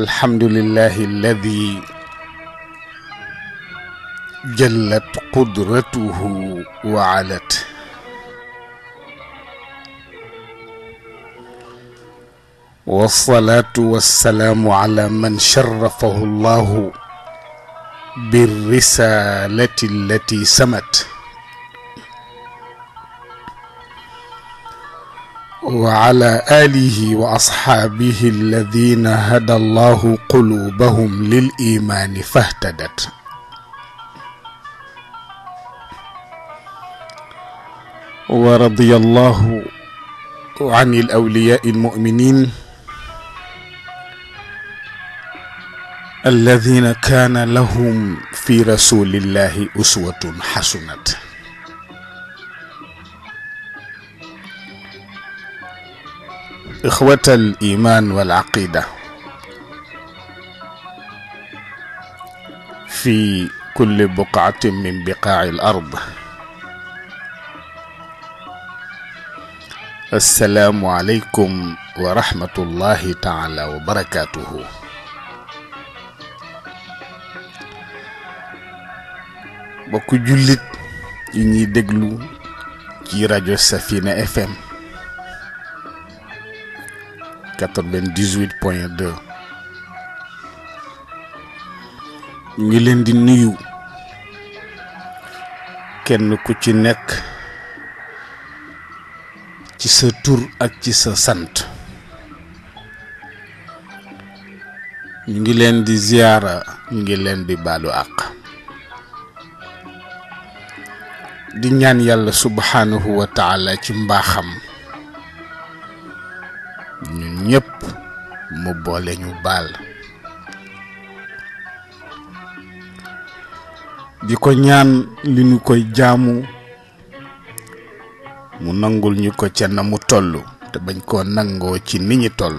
الحمد لله الذي جلت قدرته وعلت والصلاة والسلام على من شرفه الله بالرسالة التي سمت وعلى اله واصحابه الذين هدى الله قلوبهم للايمان فاهتدت ورضي الله عن الاولياء المؤمنين الذين كان لهم في رسول الله اسوه حسنه إخوة الإيمان والعقيدة في كل بقعة من بقاع الأرض السلام عليكم ورحمة الله تعالى وبركاته بكو جلت يني دجلو كي راجو سفينة اف 98 point 2 ñu ngi leen di nuyu kenn ku ci nekk ci sa tur ak ci sa sant ñu ngi leen di ziyaara ñu ngi leen di baalu àq di ñaan yàlla subhaanahu wa ci mbaaxam ñun ñëpp mu boole ñu baal di ko ñaan li ñu koy jaamu mu nangul ñu ko ca na mu toll te bañ koo nangoo ci ni ñi toll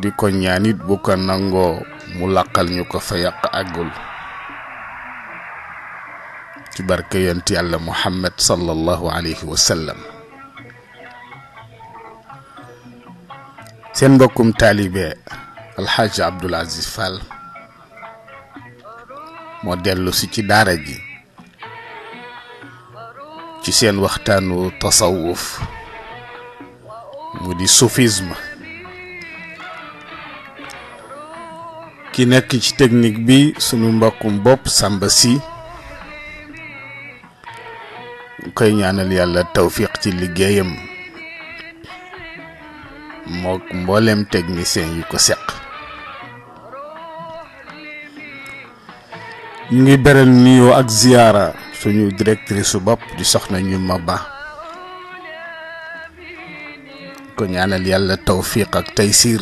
di ko ñaan it bu ko nangoo mu làqal ñu ko fa yàq àggul ci barke yàlla muhammad sallallahu alayhi wa sallam seen mbokkum taalibe alxaaji Abdoul Aziz Fall moo dellusi ci daara ji ci seen waxtaanu tasawuf mu di soufisme ki nekk ci technique bi sunu mbokkum bopp Samba si koy ñaanal yàlla tawfiq ci liggéeyam mook mboolem technicien yi ko seq mu ngi beral nuyoo ak ziyaara suñu directrice su bopp di soxna ñu ma ba ko ñaanal yàlla tawfiq ak taysiir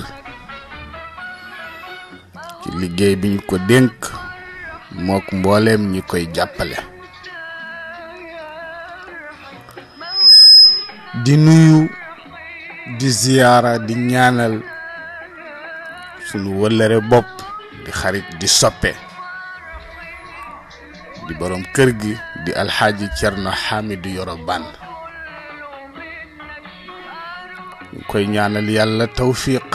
ci liggéey bi ñu ko dénk mook mbooleem ñi koy jàppale di nuyu di ziyaara di ñaanal sunu wëllëre bopp di xarit di soppe di boroom kër gi di alxaaji Cerno Xamidu Yoro Band ñu koy ñaanal yàlla tawfiq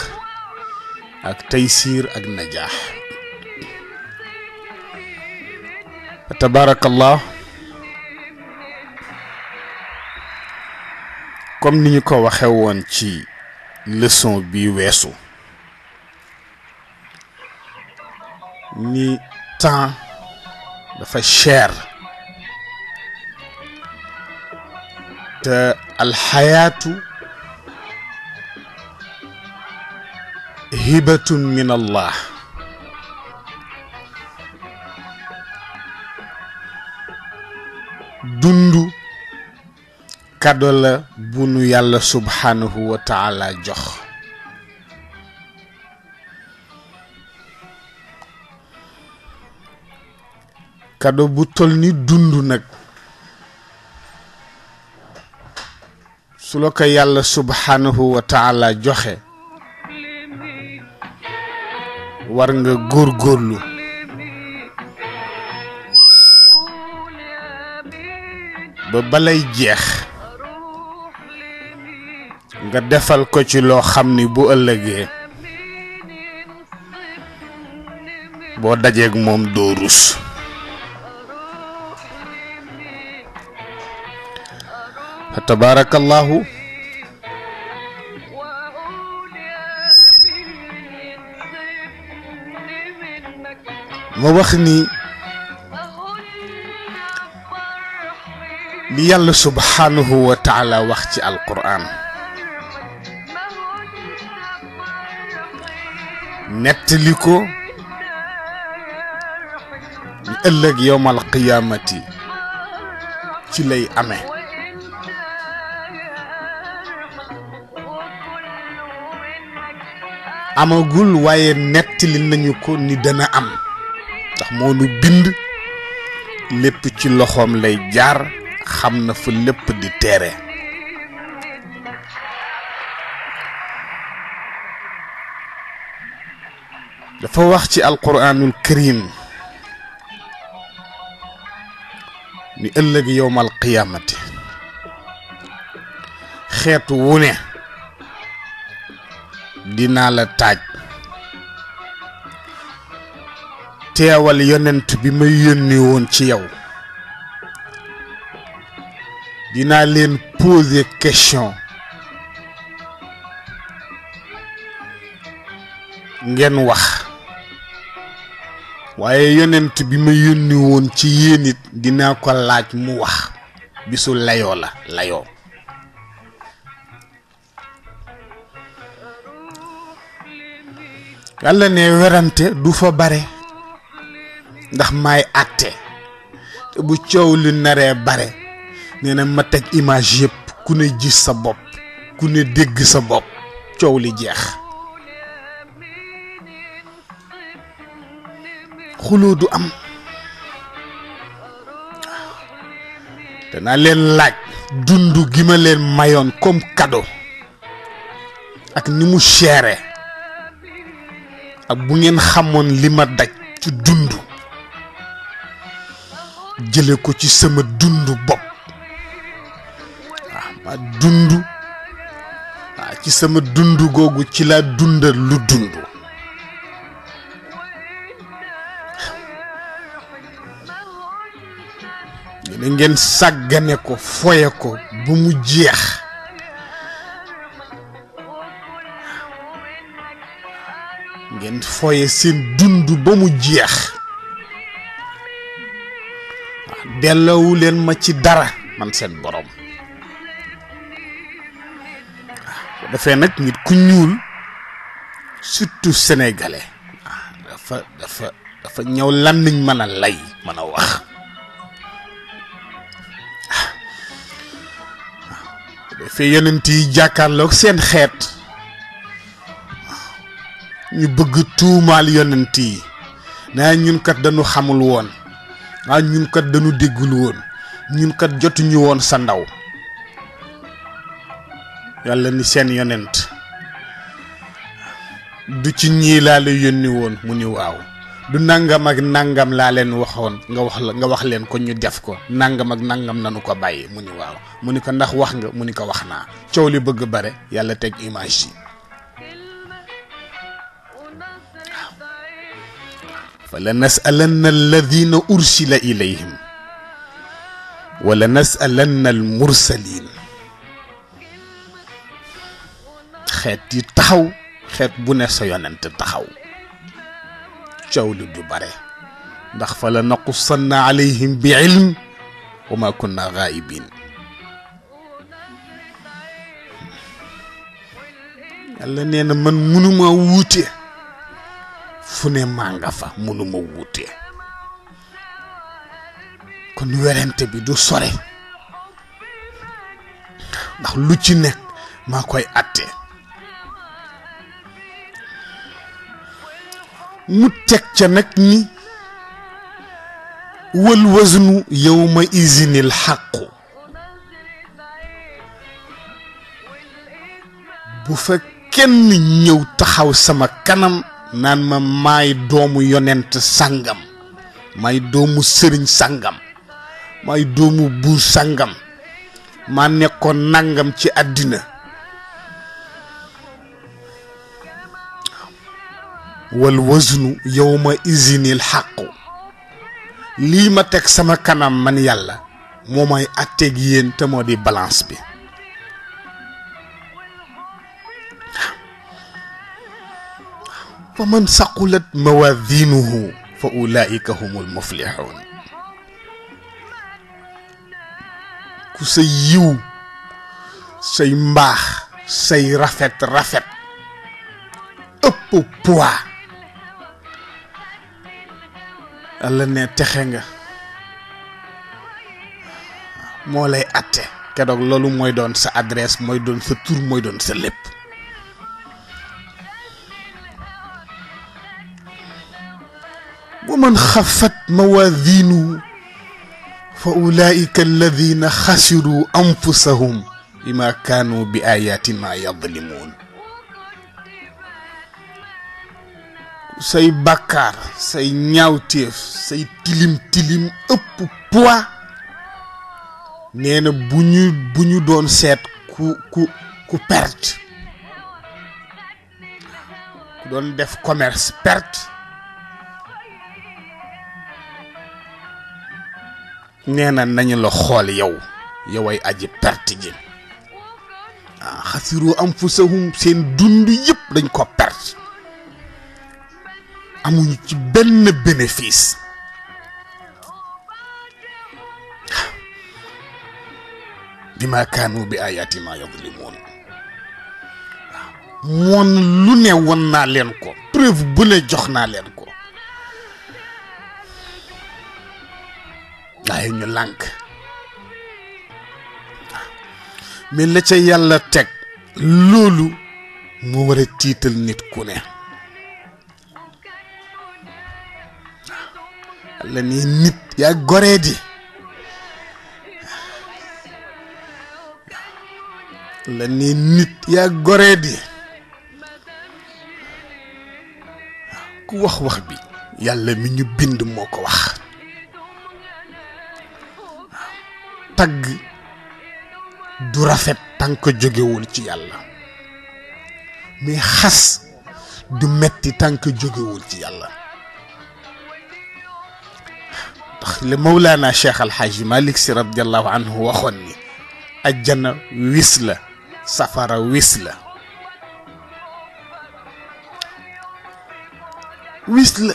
ak taysiir ak najaax comme ni ñu ko waxe woon ci leçon bi weesu ni temps dafa cher te alxayaatu hibatun min allah dundu kado la bu nu yàlla subhaanahu jox kado bu tol ni dund nag su la ko yàlla subhaanahu wa taala joxe war nga góorgóorlu ba balay jeex nga defal ko ci loo xam ni bu ëllëgee boo dajeek moom doo rus fa ma wax ni li yàlla subhaanahu wa taala wax ci alquran nettali ko ëllëg yowmal qiyaamati ci lay ame amagul waaye nettali nañu ko ni dana am ndax moo bind lépp ci loxoom lay jaar xam na fa lépp di teere دفو القرآن الكريم نقلق يوم القيامة خيط ونه دينا لتاج تيوال يننت بمي يني تيو دينا لين بوزي كشن نجن وخ waaye yonent bi ma yónni woon ci yéen it dinaa ko laaj mu wax bisu layoo la layoo yàlla ne werante du fa bare ndax may àtte te bu coow li naree bare nee na ma teg image yëpp ku ne gis sa bopp ku ne dégg sa bopp coow li jeex xuloo du am danaa leen laaj dund gi ma leen mayoon comme cadeau ak ni mu seere ak bu ngeen xamoon li ma daj ci dund jële ko ci sama dund bopp waaw dund waaw ci sama dund googu ci laa dundal lu dund ñu ne ngeen sàggane ko foye ko bu mu jeex ngeen foye seen dund ba mu jeex waaw leen ma ci dara man seen borom waaw dafee nag nit ku ñuul surtout senegale dafa dafa dafa ñëw lan lañ mën a lay mën a wax defee yenent yi jàkkaarloog seen xeet ñu bëgg tuumaal yonent yi naa ñunkat dañu xamul woon ah ñunkat dañu déggul woon ñun jotuñu woon sa ndaw yàlla ni seen yonent du ci ñii laa la yónni woon mu ni waaw du nangam ak nangam la len waxon nga wax la nga wax len ko ñu def ko nangam ak nangam nanu ko bàyyi mu ni waaw mu ni ko ndax wax nga mu ni ko waxna ciow li bëgg bare yàlla tek image yi فلنسألن الذين أرسل إليهم ولنسألن المرسلين خيت تخاو خيت بو بنا يوننت تخاو coow du bare ndax fa la naqussanna alayhim bi ilm wa ma kunna gaibin yàlla nee na man munuma wuute fu ne maa nga fa munuma wuute kon werante bi du sore ndax lu ci nekk maa koy àtte mu teg ca nag ni wal wasnu yowma isinil xàqu bu fa kenn ñëw taxaw sama kanam naan ma may doomu yonent sàngam maay doomu sëriñ sàngam maay doomu buur sàngam maa nekkoon nangam ci àddina والوزن إذن الحق لي ما تك سما كنام من يلا موماي اتيك يين تمو دي بالانس بي فمن سقلت موازينه فاولئك هم المفلحون كسيو سيمباخ سي رفت رفت أبو بوا yàlla ne texe nga moo lay atte keroog loolu mooy doon sa adresse mooy doon sa tur mooy doon sa lépp ومن خفت موازينه فأولئك الذين خسروا أنفسهم بما كانوا بآياتنا يظلمون say bàkkaar say ñaawteef say tilim tilim ëpp poids nee bu ñu bu ñu doon seet ku ku ku perte ku doon def commerce perte nee nañu la xool yow yoway aji perte ji ah xasiru anfusahum seen dund yëpp dañ ko perte amuñu ci benn bénéfice bima kaanu bi ayatina yadlimoon won lu ne won naa leen ko preuve bu ne jox naa leen ko waaye ñu lànk mais la ca yàlla teg loolu mu war a tiital nit ku ne la ni nit yaa goree ni nit yaa goree di ku wax wax bi yàlla mi ñu bind moo ko wax tagg du rafet tànk jógewul ci yàlla mais xas du metti tànk jógewul ci yàlla wax le Mawlaana Cheikh Al Hadj Malick Sy radiyallahu anhu waxoon ni ajjana wis la safara wis la wis la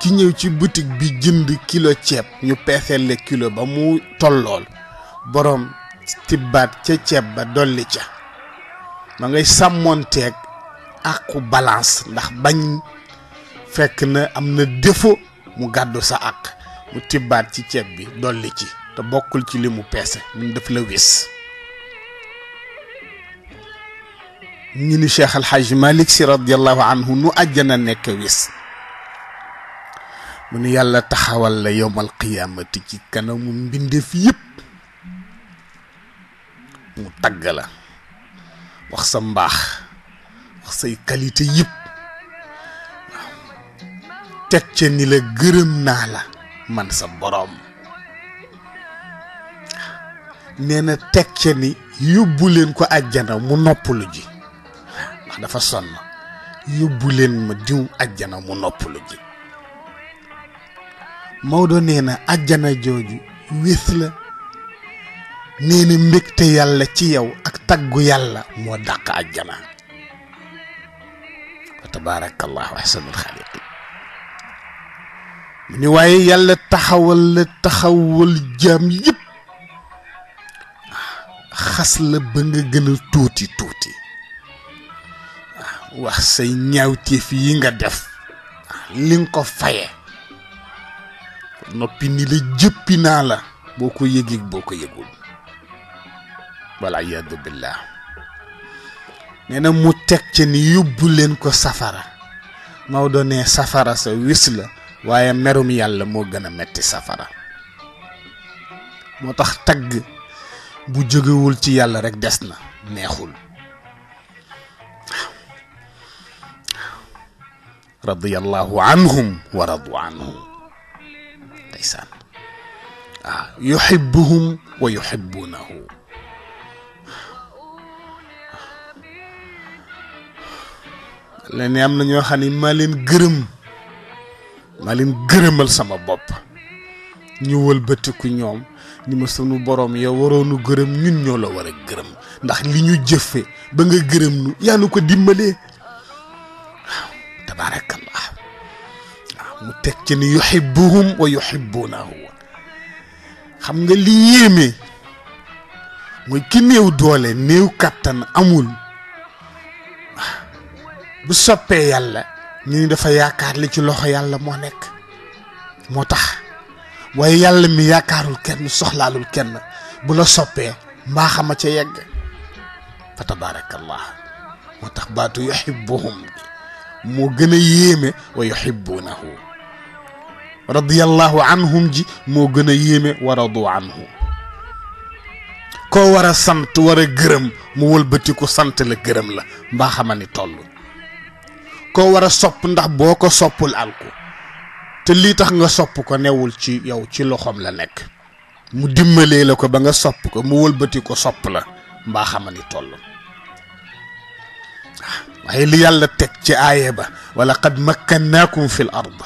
ki ñëw ci butik bi jënd kilo ceeb ñu peeseel le kilo ba mu tollool boroom tibbaat ca ceeb ba dolli ca ma ngay sàmmoonteeg àqu balance ndax bañ fekk na am na défaut mu gàddu sa àq mu tibbaat ci ceeb bi dolli ci te bokkul ci li mu peese mun daf la wis ñu ni cheikh alxaaji malik si radiallahu anhu nu àjjana nekk wis mu ni yàlla taxawal la yowmal qiyamati ci kanamu mbindeef yëpp mu tagg la wax sa mbaax wax say qualité yëpp waaw teg ca ni la gërëm naa la man sa boroom nee na teg ca ni yóbbu leen ko àjjana mu noppalu ji ndax dafa sonn yóbbu leen ma diw àjjana mu noppalu ji Maodo nee na àjjana jooju wés la nee na mbégte yàlla ci yow ak taggu yàlla moo dàq àjjana wa tabaarakallahu ahsanul xaaliq mu ni waaye yàlla taxawal la taxawal jaam yëpp xas la ba nga gën tuuti tuuti wax say ñaawteef yi nga def li nga ko faye noppi ni la jëppi naa la boo ko yëgig boo ko yëgul walla yadu billah nee na mu teg ci ni yóbbu leen ko safara Maodo ne safara sa wis la waye merum yàlla mo gëna metti safara motax tag tagg bu jógewul ci yàlla rek des neexul radiyallahu anhum wa radu anhu ndeysaan waaw yuhibbuhum wa yuhibbunahu leen am na ñoo xam maa gërëmal sama bopp ñu wëlbatiku ñoom ñi ma sunu boroom yow waroonu gërëm ñun ñoo la war a gërëm ndax li ñu jëfe ba nga gërëm nu yaa nu ko dimbalee waaw tabaarakallah waaw mu teg ci ni yuhibbuhum wa yuhibbunahu xam nga li yéeme mooy ki néew doole néew kattan amul bu soppee yàlla ñu dafa yaakaar li ci loxo yàlla moo nekk moo tax waaye yàlla mi yaakaarul kenn soxlaalul kenn bu la soppee mbaaxama ca yegg fa tabaarakallah moo tax baatu yuhibbuhum moo gën a yéeme wa yuhibbunahu radiyallahu anhum ji moo gën a yéeme wa radu anhu koo war a sant war a gërëm mu wëlbatiku sant la gërëm la mbaaxama ni toll ko war a sopp ndax boo ko soppul alku te lii tax nga sopp ko newul ci yow ci loxom la nekk mu dimbalee la ko ba nga sopp ko mu wëlbati ko sopp la mbaa xamani toll waaye li yàlla teg ci aaye ba wala qad makkannaakum fi l ard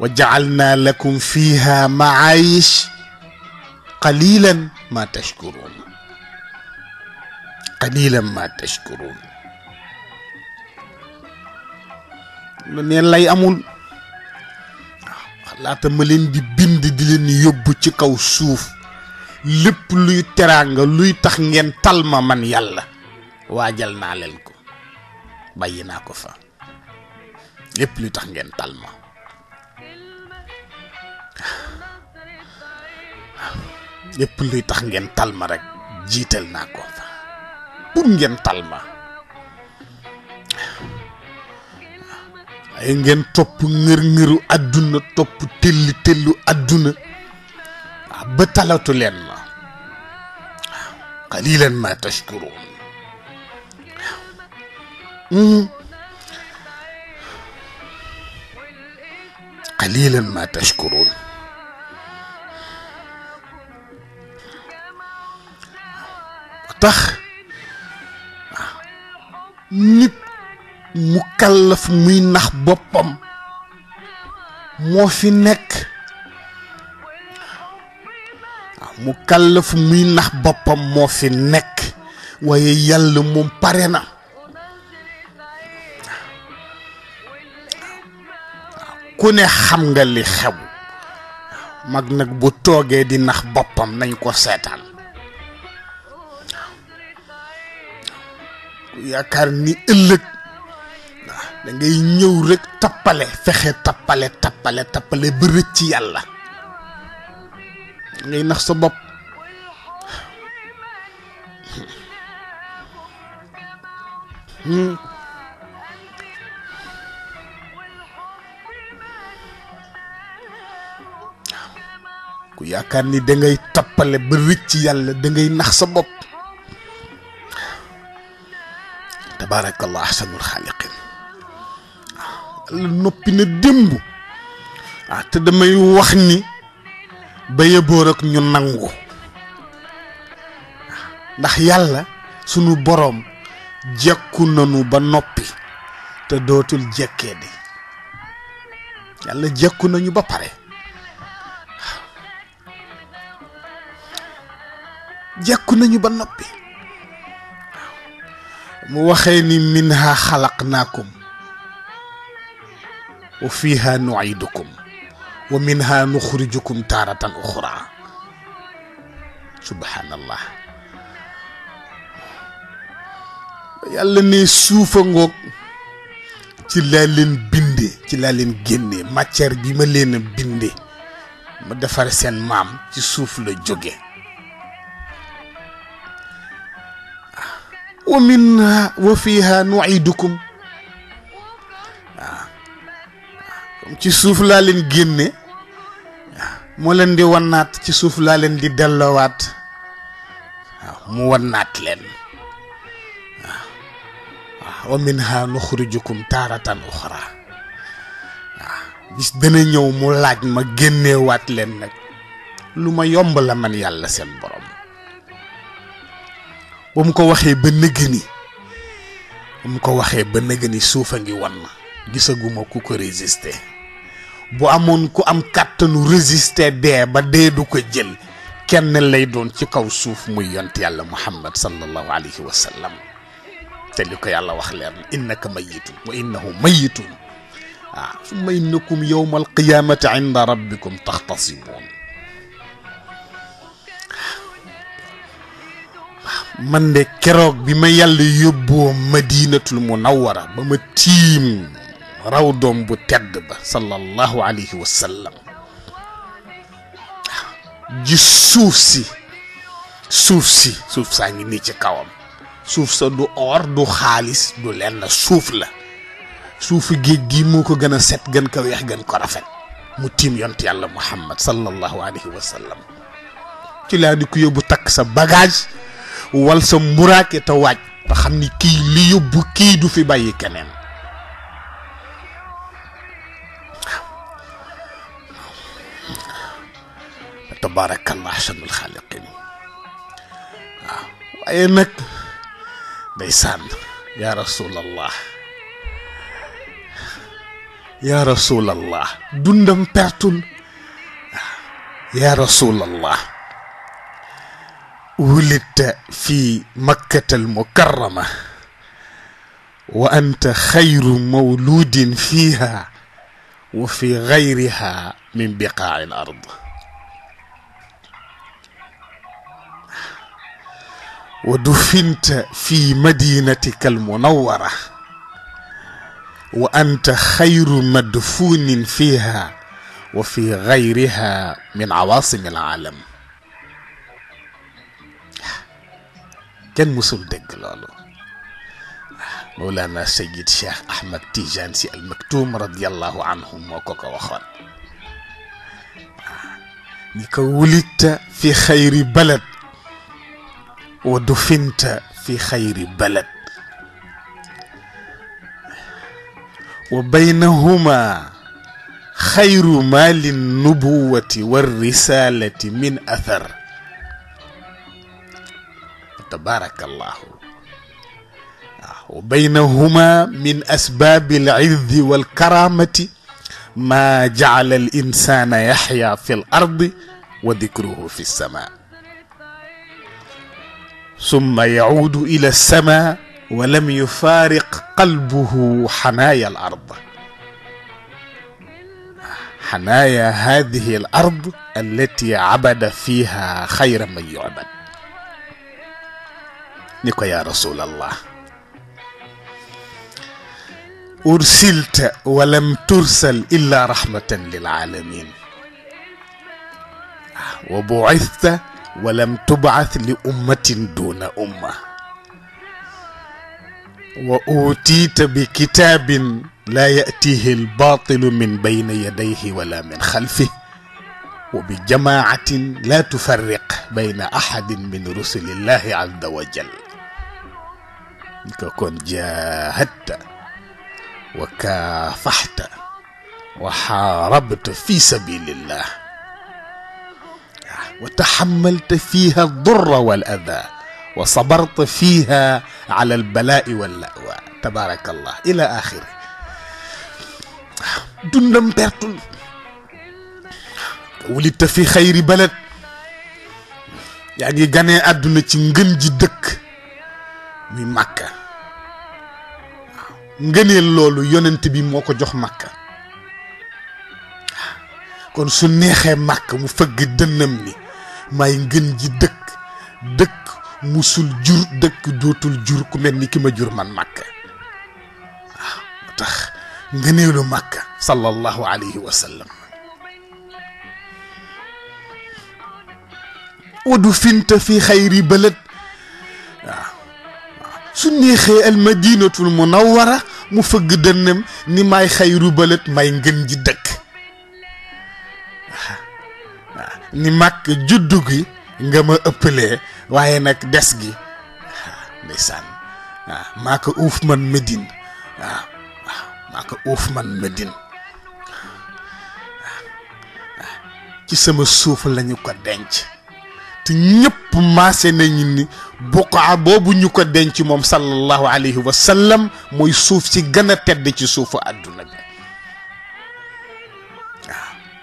wa jaalna lakum fiha macaayish qalilan ma tashkuruun qalilan ma tashkuruun lu ne lay amul waaw laata ma leen di bind di leen yóbbu ci kaw suuf lépp luy teraanga luy tax ngeen tal ma man yàlla waajal naa leen ko bàyyi naa ko fa lépp luy tax ngeen tal ma lépp luy tax ngeen tal jiital naa ko fa pour ngeen tal ma waaye ngeen topp ngër-ngëru àdduna topp telli tellu àdduna waaw ah, ba talatu leen ma waaw ah, ma tashkuruun waaw ah. hmm. ma tashkuruun tax nit mu kallaf muy nax boppam moo fi nekk waaw mu kallaf muy nax boppam moo fi nekk waaye yàlla mu pare na ku ne xam nga li xew mag nag bu toogee di nax boppam nañ ko seetaan yaakaar ni ëllëg dangay ngay ñëw rek tappale fexe tappale tappale tappale ba rëcc ci hmm. yàlla da ngay nax sa bopp ku yaakaar ni da tappale ba rëcc ci yàlla da nax sa bopp ahsanul xaaliqin yàlla noppi na démb waaw ah, te damay wax ni ba yeboo rek ñu nangu ndax yàlla sunu boroom jekku nanu ba noppi te dootul jekkee di yàlla jekku nañu ba pare jekku nañu ba noppi mu waxee ni naa ko وفيها نعيدكم ومنها نخرجكم تارة أخرى سبحان الله يلا نسوف نغوك تلالين بندي تلالين جندي ما تربي ملين بندي ما دفر سين مام تسوف لجوغي ومنها وفيها نعيدكم ci suuf laa leen génne moo leen di wannaat ci suuf laa leen di delloowaat waaw mu wannaat leen waaw wa minha nuxrijukum taaratan uxra waaw dana ñëw mu laaj ma génnewaat leen nag lu ma yomb la man yàlla seen borom ba mu ko waxee ba nëgg ba mu ko waxee ba nëgg suuf a ngi wan gisaguma ku ko résister bu amone ku am kàttanu résister be ba dee du ko jël kenn lay doon ci kaw suuf muy yont yàlla muhammad sallallahu alayhi wa sallam te li ko yàlla wax leer innaka mayitun wa innahu mayitun waaw summa innakum yowma alqiyamati inda rabbikum taxtasimoon man de kérok bima yàlla yobbo madinatul munawwara bama tim raw doom bu tedd ba sallallahu alayhi wa sallam ji suuf si suuf si suuf saa ngi nii ci kawam suuf sa du or du xaalis du lenn suuf la suuf géej gi moo ko gën a set gën ko weex gën ko rafet mu tiim yont yàlla muhammad sallallahu alayhi wa sallam ci laa di ko yóbbu takk sa bagage wal sa mburaake te waaj te xam ni kii li yóbbu kii du fi bàyyi keneen تبارك الله أحسن الخالقين آه. وينك بيسان يا رسول الله يا رسول الله دندم بيرتون يا رسول الله ولدت في مكة المكرمة وأنت خير مولود فيها وفي غيرها من بقاع الأرض ودفنت في مدينتك المنورة وأنت خير مدفون فيها وفي غيرها من عواصم العالم كان مسول دق لولو مولانا سيد شيخ أحمد تيجانسي المكتوم رضي الله عنهم وكوكا وخان نكولت في خير بلد ودفنت في خير بلد وبينهما خير ما للنبوة والرسالة من أثر تبارك الله آه، وبينهما من أسباب العز والكرامة ما جعل الإنسان يحيا في الأرض وذكره في السماء ثم يعود الى السماء ولم يفارق قلبه حنايا الارض حنايا هذه الارض التي عبد فيها خير من يعبد نيكو يا رسول الله ارسلت ولم ترسل الا رحمه للعالمين وبعثت ولم تبعث لأمة دون أمة وأوتيت بكتاب لا يأتيه الباطل من بين يديه ولا من خلفه وبجماعة لا تفرق بين أحد من رسل الله عز وجل ككون جاهدت وكافحت وحاربت في سبيل الله وتحملت فيها الضر والاذى وصبرت فيها على البلاء واللاوى تبارك الله الى اخره دنم بيرتون ولدت في خير بلد يعني غاني ادنا سي جدك من مكه نغني اللولو يوننت بموكو جوخ مكه كون سنيخي مكه مو فك may ngeen ji dëkk dëkk musul jur dëkk dootul jur ku mel ni ki ma jur man màkka tax ngëneelu màkka sallallahu alayhi wa sallam wadu finta fi xayri بلد waaw su neexee al madinatul munawwara mu fëgg dënnam ni may xayru ni mag juddu gi nga ma ëppalee waaye nag des gi waaw ah, ndeysaan ah, maa ko uuf man Medine ah, ci sama suuf lañu ko denc te ñëpp maase nañu ni buqaa boobu ñu ko denc moom sallallahu alayhi wa mooy suuf ci gën a tedd ci suufu àdduna bi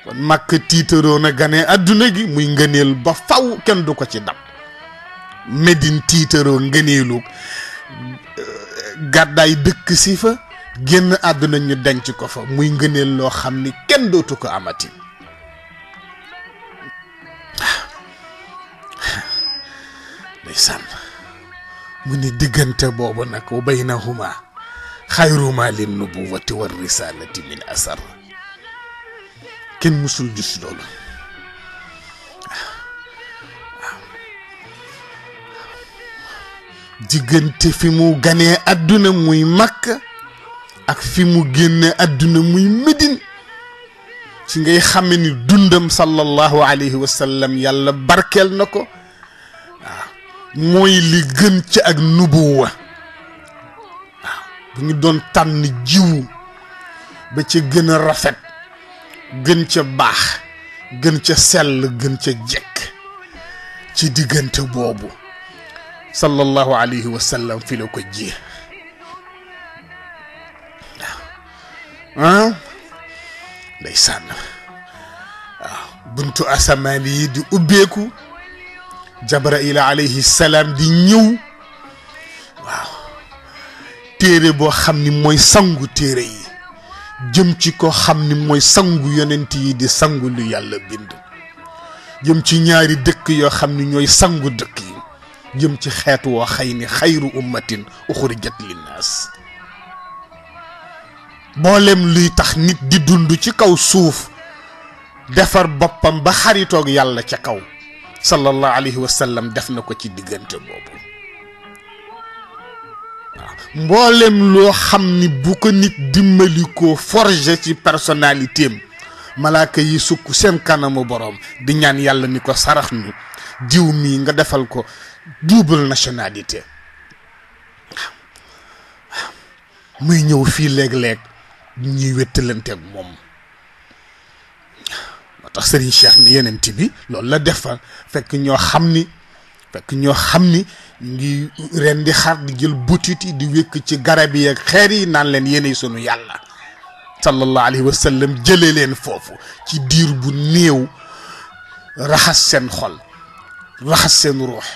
kon màkk tiitaroo na gane adduna gi muy ngëneel ba faw kenn du ko ci dab Medine tiitaroo ngëneelu gàddaay dëkk si fa génn àdduna ñu denc ko fa muy ngëneel loo xam ni kenn dootu ko amati ndeysaan mu ni diggante boobu nag wa baynahuma xayruma lin nubuwati war risalati min asar kenn mësul gis loolu diggante fi mu ganee àdduna muy màkk ak fi mu génne àdduna muy Médine ci ngay xame ni dundam sallallahu alayhi wa sallam yàlla barkeel na ko mooy li gën ci ak nubuwa waaw ñu doon tànn jiwu ba ci gën rafet gën ca baax gën ca sell gën ca jekk ci diggante boobu sallallahu alayhi wa fi la ko ji waaw ndeysaan waaw buntu asamaan di ubbeeku Jabrail alayhi salaam di ñëw waaw boo xam ni mooy sangu téere yi jëm ci ko xam ni mooy sangu yenent yi di sangu lu yàlla bind jëm ci ñaari dëkk yoo xam ni ñooy sangu dëkk yi jëm ci xeet woo xëy ni xayru ummatin uxrijat linnaas mboolem luy tax nit di dund ci kaw suuf defar boppam ba xaritoog yàlla ca kaw sallallahu alayhi def na ko ci diggante boobu mboolem loo xam ni bu ko nit dimbali ko forger ci personnalité am malaaka yi sukk seen kanamu boroom di ñaan yàlla ni ko sarax ñu diw mi nga defal ko double nationalité muy ñëw fii léeg-léeg ñuy wéttalanteeg moom. moo tax Serigne Cheikh ne bi loolu la defal fekk ñoo xam ni. fekk ñoo xam ni ngi ren di xar di jël butit yi di wékk ci garab yi ak xeer yi naan leen yéenay sunu yàlla sallallahu alayhi wa sallam jëlee leen foofu ci diir bu néew raxas seen xol raxas seen ruux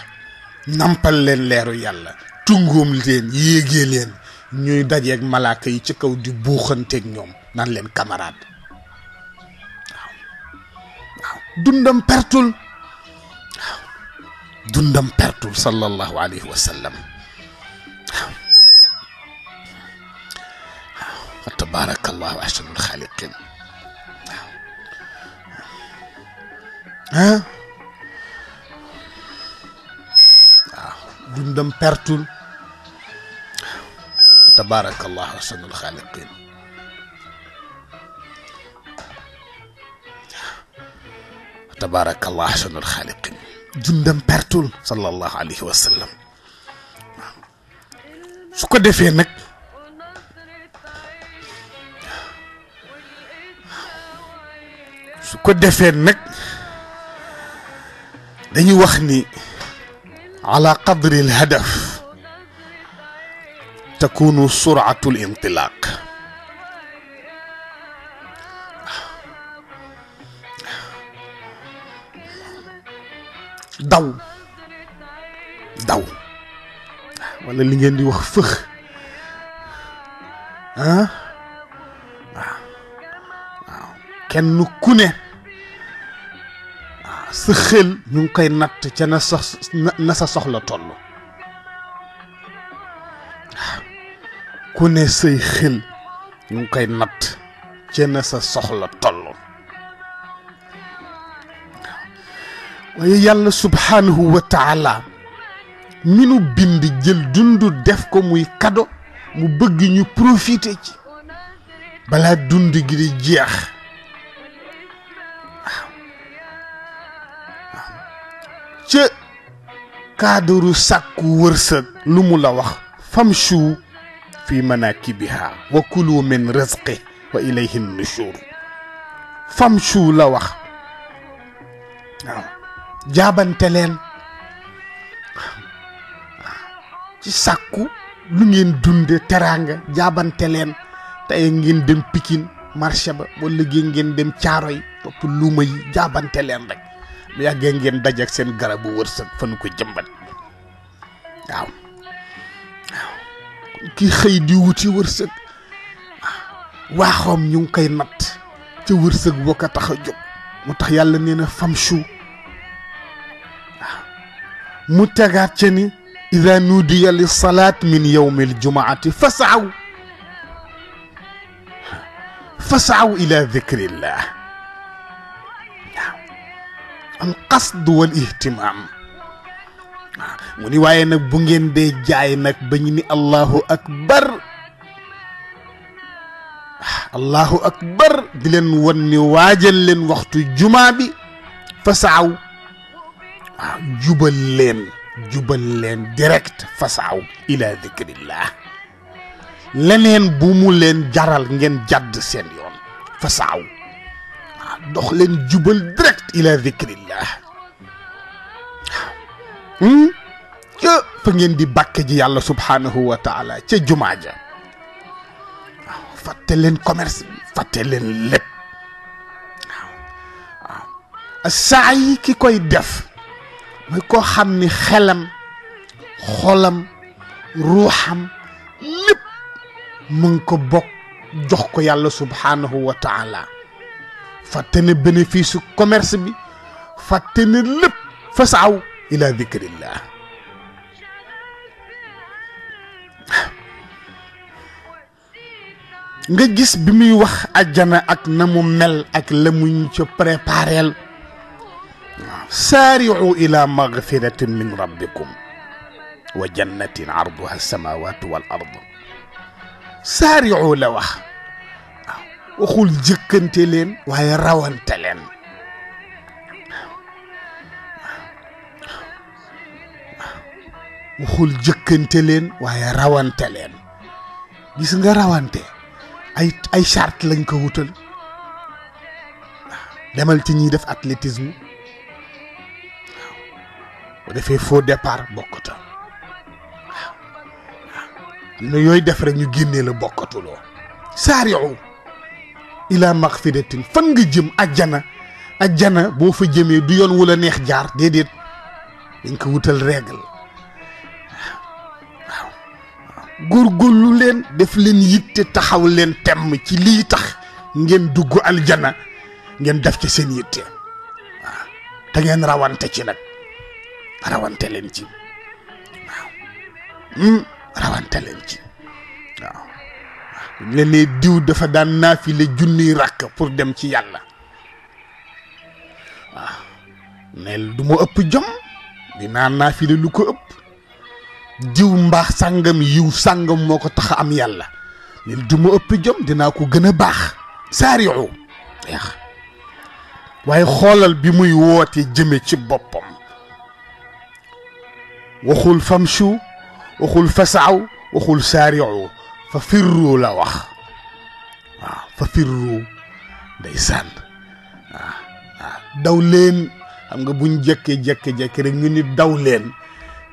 nàmpal leen leeru yàlla tungoom leen yéegee leen ñuy dajeek malaaka yi ci kaw di buuxanteeg ñoom naan leen camarade dundam pertul دندم بيرتو صلى الله عليه وسلم تبارك الله احسن الخالقين ها دندم بيرتول تبارك الله احسن الخالقين تبارك الله احسن الخالقين dundam pertul sallallahu alayhi wa sallam su ko defee nag su ko defee nag dañu wax ni ala qadri al hadaf takunu suratu al intilaq daw daw wala li ngeen di wax fëx ah waaw kenn ku ne sa xel ñu ngi koy natt ca na sa soxla toll waaw ku ne say xel ñu ngi koy natt ca na sa soxla toll waaye yàlla subhaanahu wa taala mi nu bind jël dund def ko muy kado mu bëgg ñu profiter ci balaa dund gi di jeex waaw ca kaadaru sàkku wërsëg lu mu la wax famshu fi manakibiha wa kulu min rizqi wa ilayhi nushur famshu la wax jaabante leen ci sàkku lu ngeen dunde teraanga jaabante leen tey ngeen dem Pikine marché ba ba liggéey ngeen dem caaro yi topp luuma yi jaabante leen rek bu yàggee ngeen dajeek seen garabu wërsëg fa nu ko jëmbat waaw waaw xëy di wuti wërsëg waaxoom ñu ngi koy natt ca wërsëg boo ko tax a jóg moo tax yàlla nee na famshu متغاتني إذا نودي للصلاة من يوم الجمعة فسعوا فسعوا إلى ذكر الله نعم. القصد والاهتمام نعم. وني نك بونغين دي جاي نك الله اكبر الله اكبر دي لن وني واجال لن وقت الجمعه بي فسعوا waaw ah, jubal leen jubal leen direct fasaaw ila dikrillah leneen bu mu leen jaral ngeen jàdd seen yoon fasaaw waaw ah, dox leen jubal direct ila dikrillah waaw hmm? fa ngeen di bàkke ji yàlla subhaanahu wa taala ca jumaa ja waaw ah, fàtte leen commerce bi fàtte leen lépp saa yi ki koy def mooy koo xam ni xelam xolam ruuxam lépp mu ngi ko bokk jox ko yàlla subhaanahu wa taala fàtte ne bénéfice commerce bi fàtte ne lépp fasaw ila dikrillah nga gis bi muy wax àjjana ak na mu mel ak la mu ñu ca prépareel سارعوا إلى مغفرة من ربكم وجنة عرضها السماوات والأرض سارعوا لوح وخل جكنت لين وهي روانت لين وخل جكنت لين وهي روانت لين بس نغا روانت اي اي شارت لنكو وتل لمال تيني داف اتليتيزم bu defee faux départ bokkuta waaw na yooyu def ñu génnee la bokkatuloo saariu ila maxfiratin fan nga jëm ak jana ak jana boo fa jëmee du yoon wula neex jaar déedéet dañ ko wutal règle góor góorgóorlu leen def leen yitte taxaw leen temm ci lii tax ngeen dugg al jana ngeen def ci seen yitte waaw te ngeen rawante ci nag rawante leen ci waaw hmm, rawante leen ci diw dafa daan naafile junniy rakk pour dem ci yàlla waaw neel du ëpp jom dinaa naafile lu ko ëpp diw mbaax sàngam yiw sàngam moo ko tax am yàlla neel du ma ëpp jom dinaa ko gën a baax saariu waaye xoolal bi muy woote jëme ci boppam waxul famshu waxul fasacaw waxul saaricu fa firruu la wax waaw fa firruu ndeysaan waaw waaw daw leen xam nga buñ jëkkee jëkkee jëkkee rek ñu ni daw leen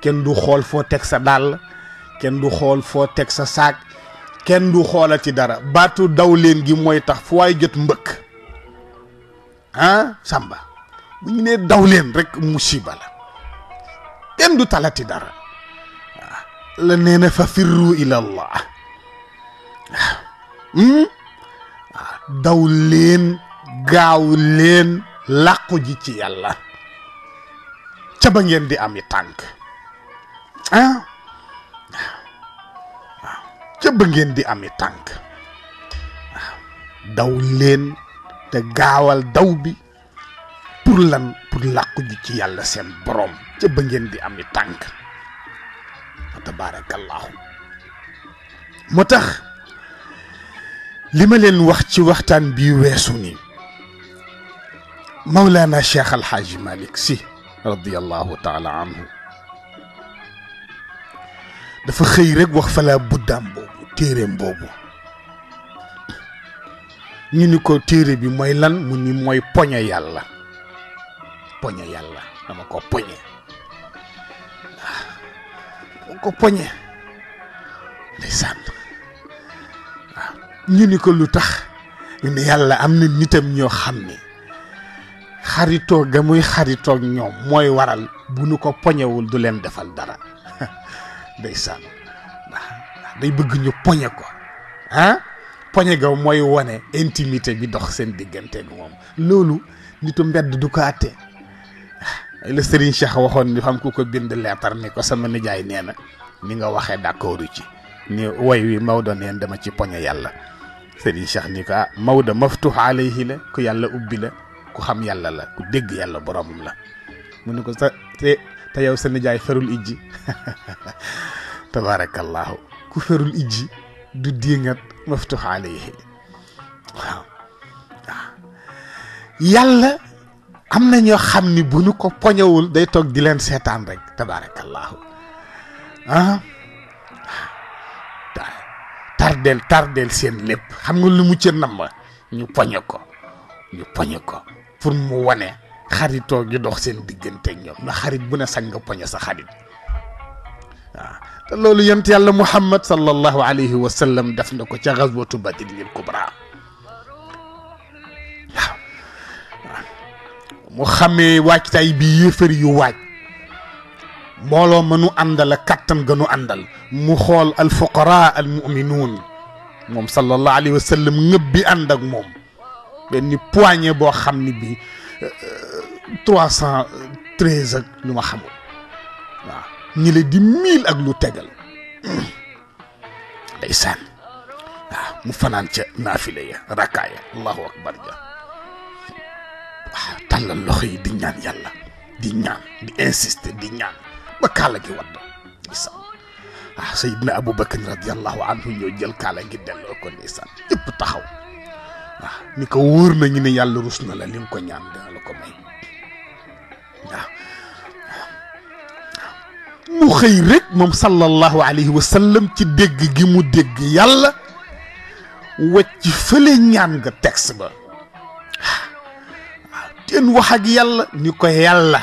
kenn du xool foo teg sa dàll kenn du xool foo teg sa saak kenn du xoolati dara baatu daw leen gi mooy tax fu waay jot mbëkk ah samba bu ñu nee daw leen rek musiba la kenn du talati dara ah, la nee na fa firru ila allah ah, hmm? ah, daw leen gaaw leen làqu ji ci yàlla ca ba ngeen di ami tànk ah ngeen di ami tànk daw leen te gaawal daw bi pour lan pour làqu ji ci yàlla seen borom ca ba ngeen di ami tànk tabarakallahu moo tax li ma leen wax ci waxtaan bi weesu ni malik si radiallahu taala anhu dafa xëy rek wax fala tirim boobu téeréem boobu ñu ni ko téere bi lan mu ni poñe yàlla dama ko poñe dama ah, ko poñe ndeysaan waaw ah, ñu ni ko lu tax ñu ne yàlla am na nitam ñoo xam ni xaritoo ga muy xaritoog ñoom mooy waral bu nu ko poñewul du leen defal dara ndeysaan ndax ah, day bëgg ñu poñe ko ah poñe ga mooy wone intimité bi dox seen diggante moom loolu nitu mbedd du ko àtte la Serigne Cheikh waxoon ni xam ku ko bind leetar ni ko sama nijaay nee na ni nga waxee d'accordu ci ni woy wi Maodo neen dama ci poñe yàlla Serigne Cheikh ni ko ah Maodo maftuh alayhi la ku yàlla ubbi la ku xam yàlla la ku dégg yàlla boromam la mu ne ko sa te te yow sa nijaay ferul ijji tabaarakallaahu ku ferul ijji du diingat maftuh alayhi waaw yàlla am na ñoo xam ni bu ñu ko poñewul day toog di leen seetaan rek tabaarakallaahu ah tardeel tardeel seen lépp xam nga lu mu ca nam ñu poñe ko ñu poñe ko pour mu wane xaritoo gi dox seen diggante ñoom ndax xarit bu ne sañ nga poñe sa xarit waaw ah, te loolu yent yàlla muhammad sallallahu alayhi wa sallam def na ko ca xaswatu badrin al mu xamee waajtaay bi yéefar yu waaj mbooloo mënu àndal ak gënu àndal mu xool al fuqara al muminuun moom sallallahu alayhi wa sallam ànd ak moom benn poignée boo xam bi trois ak lu ma xamul ñi la di mille ak lu tegal ndeysaan mu fanaan ca naafile ya rakkaaya allahu akbar ja talal loxo yi di ñaan yàlla di ñaan di insister di ñaan ba kaala gi wadd ndeysaan ah sayidna radiallahu anhu ñoo jël kaala gi delloo ko ndeysaan yëpp taxaw ah ni ko wóor nañu ne yàlla rus na la li ko ñaan dana la ko may ah mu xëy rek moom sallallahu alayhi wa sallam ci dégg gi mu dégg yàlla wacc fële ñaan nga texte ba ah. kenn wax ak yàlla ni ko yàlla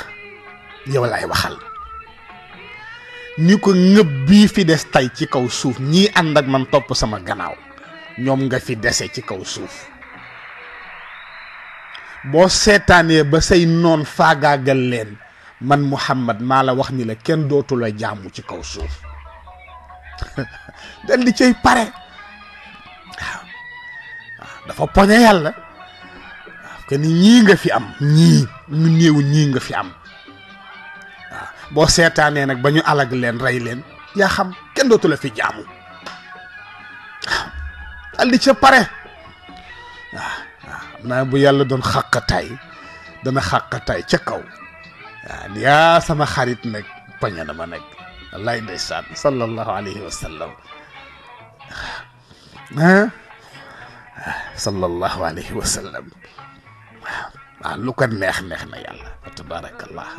yow lay waxal ni ko ngëb bii fi des tey ci kaw suuf ñii ànd ak man topp sama gannaaw ñoom nga fi dese ci kaw suuf boo seetaanee ba say noon faagaagal leen man Muhammad maa la wax ni la kenn dootu la jaamu ci kaw suuf dal di cay pare waaw dafa poñe yàlla que ni ñii nga fi am ñii ñu néew ñii nga fi am waaw boo seetaanee nag ba ñu alag leen rey leen yaa xam kenn dootu la fi jaamu waaw al di ca pare waaw waaw naa bu yàlla doon xàqataay dana xàqataay ca kaw waaw yaa sama xarit nag pañe na ma nekk lay ndeysaan sallallahu alayhi wa sallam ah sallallahu alayhi wa waaw lu ko neex neex na yàlla fa tabaarakallah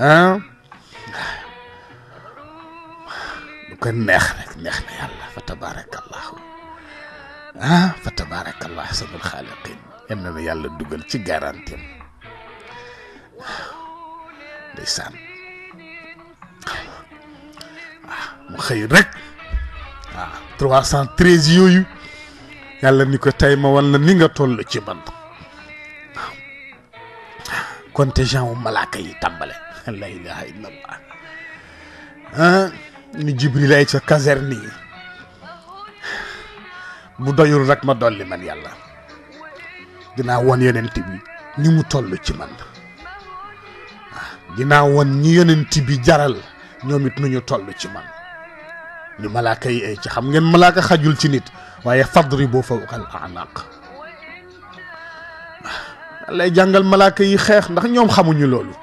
ah lu ko neex rek neex na yàlla fa tabaarakallah ah fa tabaarakallah sabul xaaliqin yal na yàlla duggal ci garantie waaw ndeysaan waaw ah, mu xëy rek ah, yooyu yàlla ni ko tey ma wan la ni nga toll ci man contingent wu malaaka yi tàmbale la ilaha illa allah ah ni jibril ay ca caserne yi bu doyul rek ma dolli man yàlla dinaa won yeneen bi ni mu toll ci man dinaa woon ñi yeneen bi jaral ñoom it nu ñu toll ci man ni malaaka yi ay ci xam ngeen malaaka xajul ci nit waaye fadri boo fawqal anaaq lay jàngal malaaka yi xeex ndax ñoom xamuñu loolu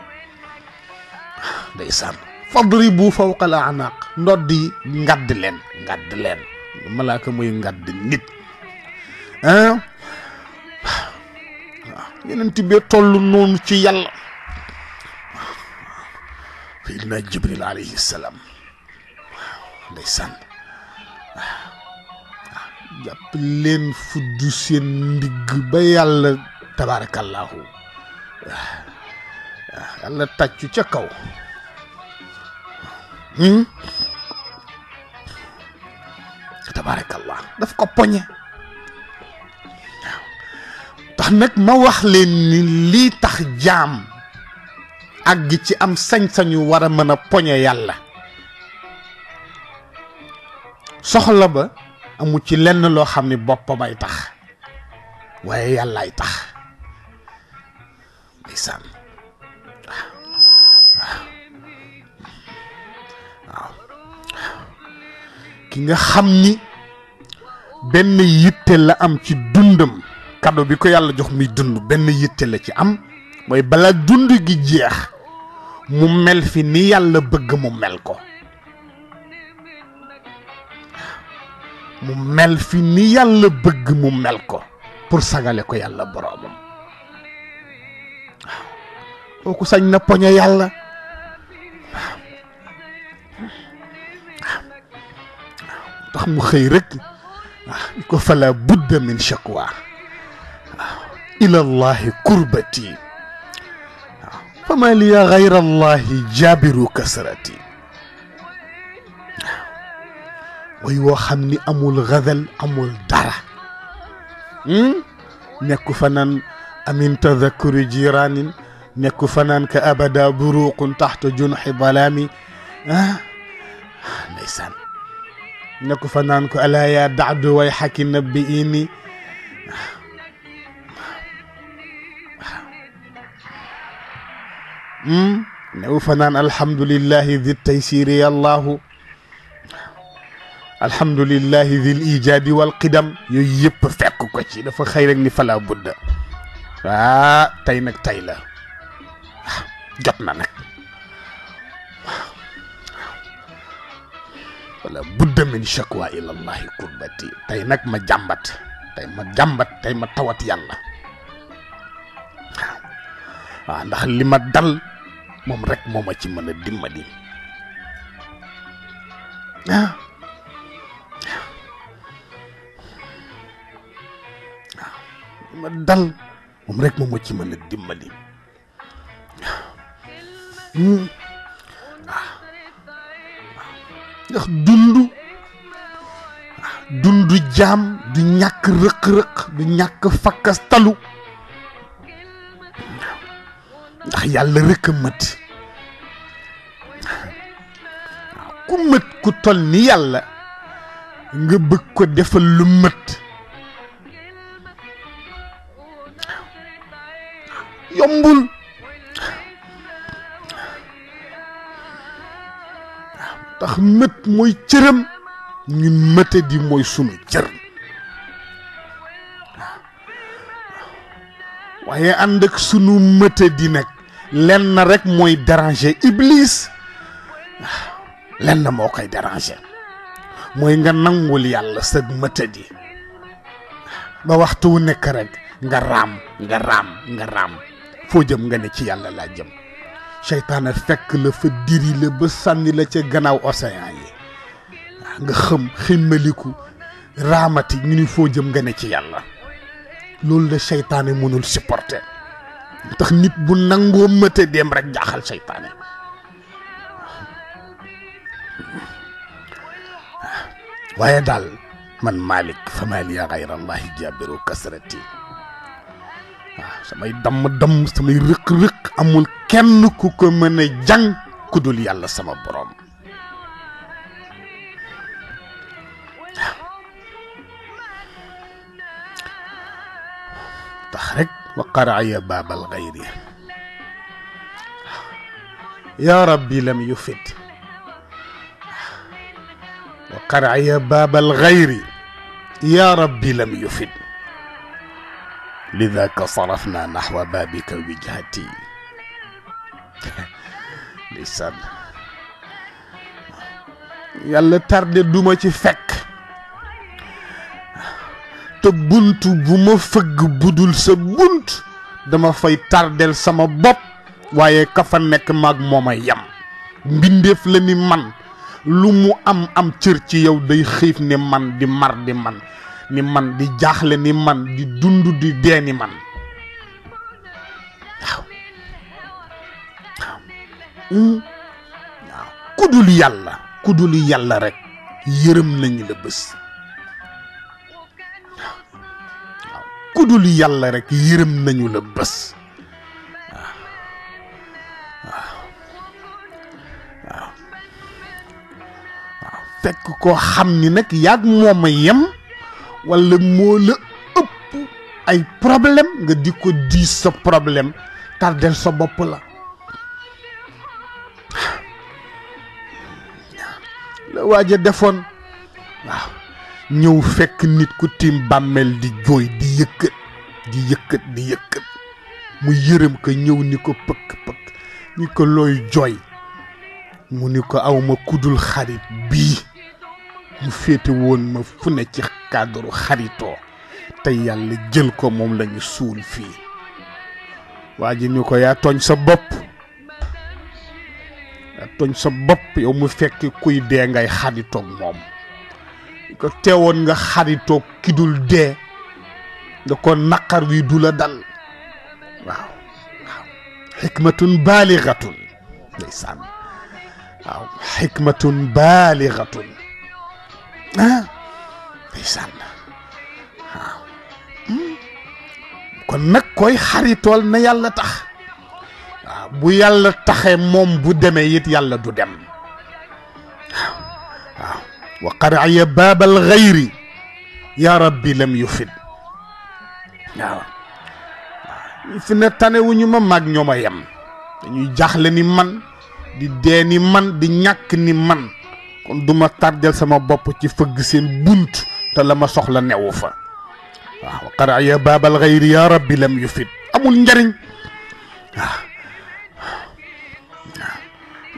ndeysaan fadribu fawqa al anaq ndodd yi ngadd leen ngadd leen malaaka muy ngadd nit ah waaw tibbee toll noonu ci yàlla sayyidina jibril alayhi salaam waaw ndeysaan jàpp leen fudd seen ndigg ba yàlla tabaarakallaahu waaw yàlla tàccu ca kaw hmm? tabaarakallah daf ko poñe waaw tax nag ma wax leen ni lii tax jaam ak gi ci am sañ-sañu war a mën a poñe yàlla soxla ba amu ci lenn loo xam ni boppamay tax waaye yàllaay tax ki nga xam ni benn yitte la am ci dundam kado bi ko yàlla jox mi dund benn yitte la ci am mooy bala dund gi jeex mu mel fi ni yàlla bëgg mu mel ko mu mel fi ni yàlla bëgg mu mel ko pour sagale ko yàlla boroomam kooku sañ na poñe yàlla waaw tax mu xëy rek waaw ñu ko fala budda min shakwa ila allahi kurbati waaw fama liya gayra allahi jabiru kasrati waaw way woo xam ni amul gadal amul dara hmm? nekku fa nan أمين تذكر جيران نكو فنانك أبدا بروق تحت جنح ظلامي آه. نيسان نكو فنانك ألا يا دعد ويحك نبئيني نو فنان الحمد لله ذي التيسير يا الله الحمد لله ذي الإيجاد والقدم ييب فك كشي دا خير فلا بد ah tey nag tey la ah, jot na nag waaw wala budda min shakwa ila kurbati tey nag ma jàmbat tey ma jàmbat tey ma tawat yàlla waaw ah, ah, ndax li ma dal moom rek moo ma ci mën a dimbali ah li ma dal moom rek moom ci mën a dimbali waaw hmm. ah. ndax dund ah, dund jaam du ñàkk rëq-rëq du ñàkk fakkas talu ndax yàlla rëkk a mët ah, ku mët ku tol ni yàlla nga bëgg ko defal lu mët yombul tax mët mooy cëram ñun mëte mooy sunu cër waaye ànd ak sunu mëte di nag lenn rek mooy déranger iblis lenn moo koy déranger mooy nga nangul yàlla sa mëte di ba waxtu wu nekk rek nga raam nga raam nga raam foo jëm nga ne ci yàlla laa jëm seytaane fekk la fa diri la ba sànni la ca gannaaw océan yi nga xëm ximmaliku raamati ñu ni foo jëm nga ne ci yàlla loolu la seytaane mënul supporter tax nit bu nangoo mëte dem rek jaaxal seytaane waaye daal man Malick fa maa liya gayra allahi jaabiru kasrati waaw samay damm-damm samay rëq-rëq amul kenn ku ko mën a jàng ku dul yàlla sama borom waaw tax rek wa qaraya baabal xayri yaa rabbi lam yufit wa qaraya baabal xayri yaa rabbi lam yufit لذاك صرفنا نحو بابك وجهتي لسان يلا ترد دوما تي فك تبنت بوما فك بدول سبنت دما فاي تردل سما بوب واي كفا نيك ماك موما يام بنديف لني مان لومو ام ام تيرتي يو داي خيف ني دي مار دي مان ni man di jaaxle ni man di dund di dee ni man waaw waaw mm. waaw ku yàlla ku yàlla rek yërëm nañu la bés waaw fekk koo xam ni nag yàgg moom a yem wala moo la ëpp ay problème nga di ko diis sa problème tardel sa bopp la la waaja defoon waaw ñëw fekk nit ku tiim bàmmeel di jooy di yëkkat di yëkkat di yëkkat mu yërëm ko ñëw ni ko pëkk pëkk ni ko looy jooy mu ni ko awma kudul xarit bii mu féete woon ma fu ne ci cadre xaritoo te yàlla jël ko moom lañu suul fii waa ji ñu ko yaa tooñ sa bopp yaa sa bopp yow mu fekk kuy dee ngay xaritoog moom ko teewoon nga xaritoog ki dul dee nga ko naqar wi du la dal waaw waaw xikmatun ah ndeysaan waaw hmm. kon nag koy xaritool na yàlla tax waaw bu yàlla taxe moom bu demee it yàlla du dem waaw waaw wa qaraya baabal xayri yaa rabbi waaw waaw fi ne tanewuñu ma maag ñoo ma yem dañuy jaaxle ni man di dee ni man di ñàkk ni man kon du tardel sama bop ci feug seen bunt te lama soxla newu fa waaw qara ya bab al ghayr ya rabbi lam yufid amul njariñ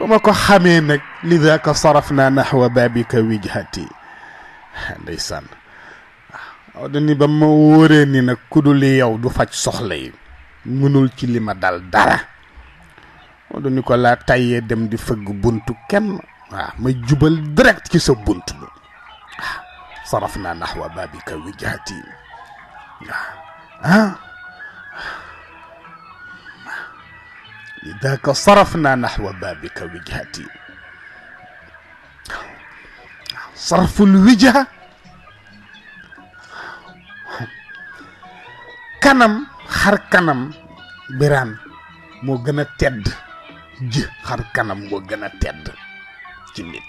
bama ba ma ko xamee nag lidaka sarafna nahwa babika wijhati ndaysan aw dani ba ma wóoree ni nak kudul yow du fajj soxla yi munul ci lima dal dara dani ko la tayé dem di feug buntu kenn waaw ma jubal direct ci sa bunt ba waaw saraf naa naxwa babika wijhati waaw ah lidaka saraf naa naxwa babika wijhati sarful wijha kanam xar kanam biraan moo gën a tedd ji xar kanam moo gën a tedd ci nit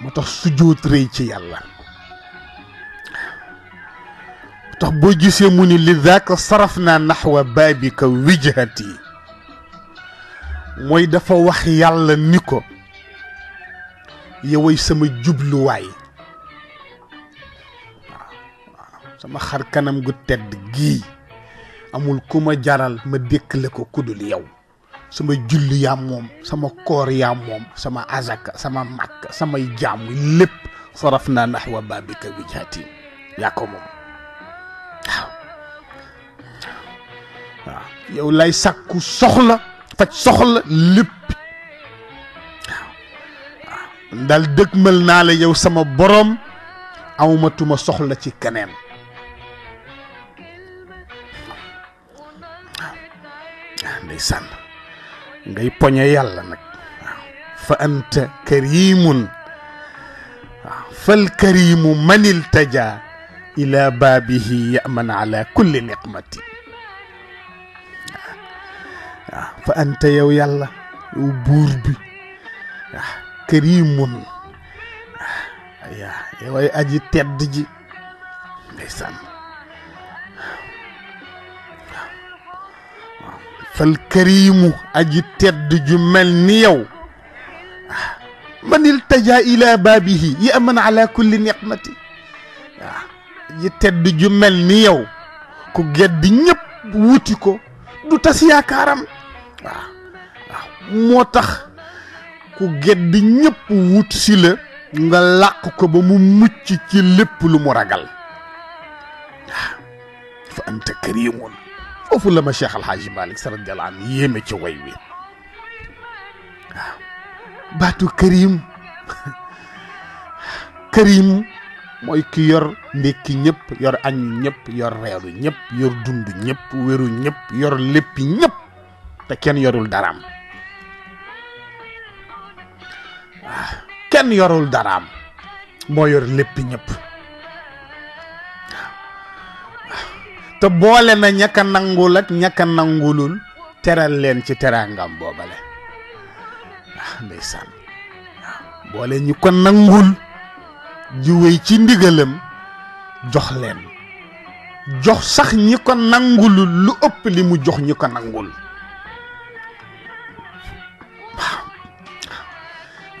moo tax sujjóot rëy ci yàlla moo tax boo gisee mu ni li daaka saraf naa naxwa baabika wijhati mooy dafa wax yàlla ni ko yoway sama jubluwaay sama xar kanam gu tedd gii amul ku ma jaral ma dékk la ko kudul yow sama julli yaa moom sama koor yaa moom sama azaka sama màkk samay jaamu lépp saraf naa naxwa babika wijhati yaa ko moom waaw waaw yow lay sàkku soxla faj soxla lépp waaw waaw daal dëgmal naa la yow sama borom amatuma soxla ci keneen waaw waaw ndeysaan ngay poñe yàlla nak fa anta karimun fal karimu man iltaja ila babihi yaman ala kulli niqmati fa anta yow yàlla yow buur bi karimun ya yow aji tedd ji ndeysaan fal karimu aji tedd ju mel ni yow ah, man iltaja ila baabihi yi aman ala kulli niqmati waaw ah, aji tedd ju mel ni yow ku gedd ñëpp wuti ko du tas yaakaaram waaw ah, moo tax ku gedd ñëpp wut si la nga làq ko ba mu mucc ci lépp lu mu ragal waaw fa anta karimun foofu la ma Cheikh Alxaaji Malik Sy radiyallaahu anhu ci way wi waaw Karim Karim mooy ki yor ndékki ñëpp yor añ ñëpp yor reeru ñëpp yor dund ñëpp wéru ñëpp yor léppi ñëpp te kenn yorul daraam waaw kenn yorul daraam moo yor léppi ñëpp te boole na ñàkk a nangul ak ñàkk nangulul teral leen ci teraangam boobale ah, boole ñu ko nangul di wéy ci ndigalam jox leen jox sax ñi ko nangulul lu ëpp li mu jox ñi ko nangul waaw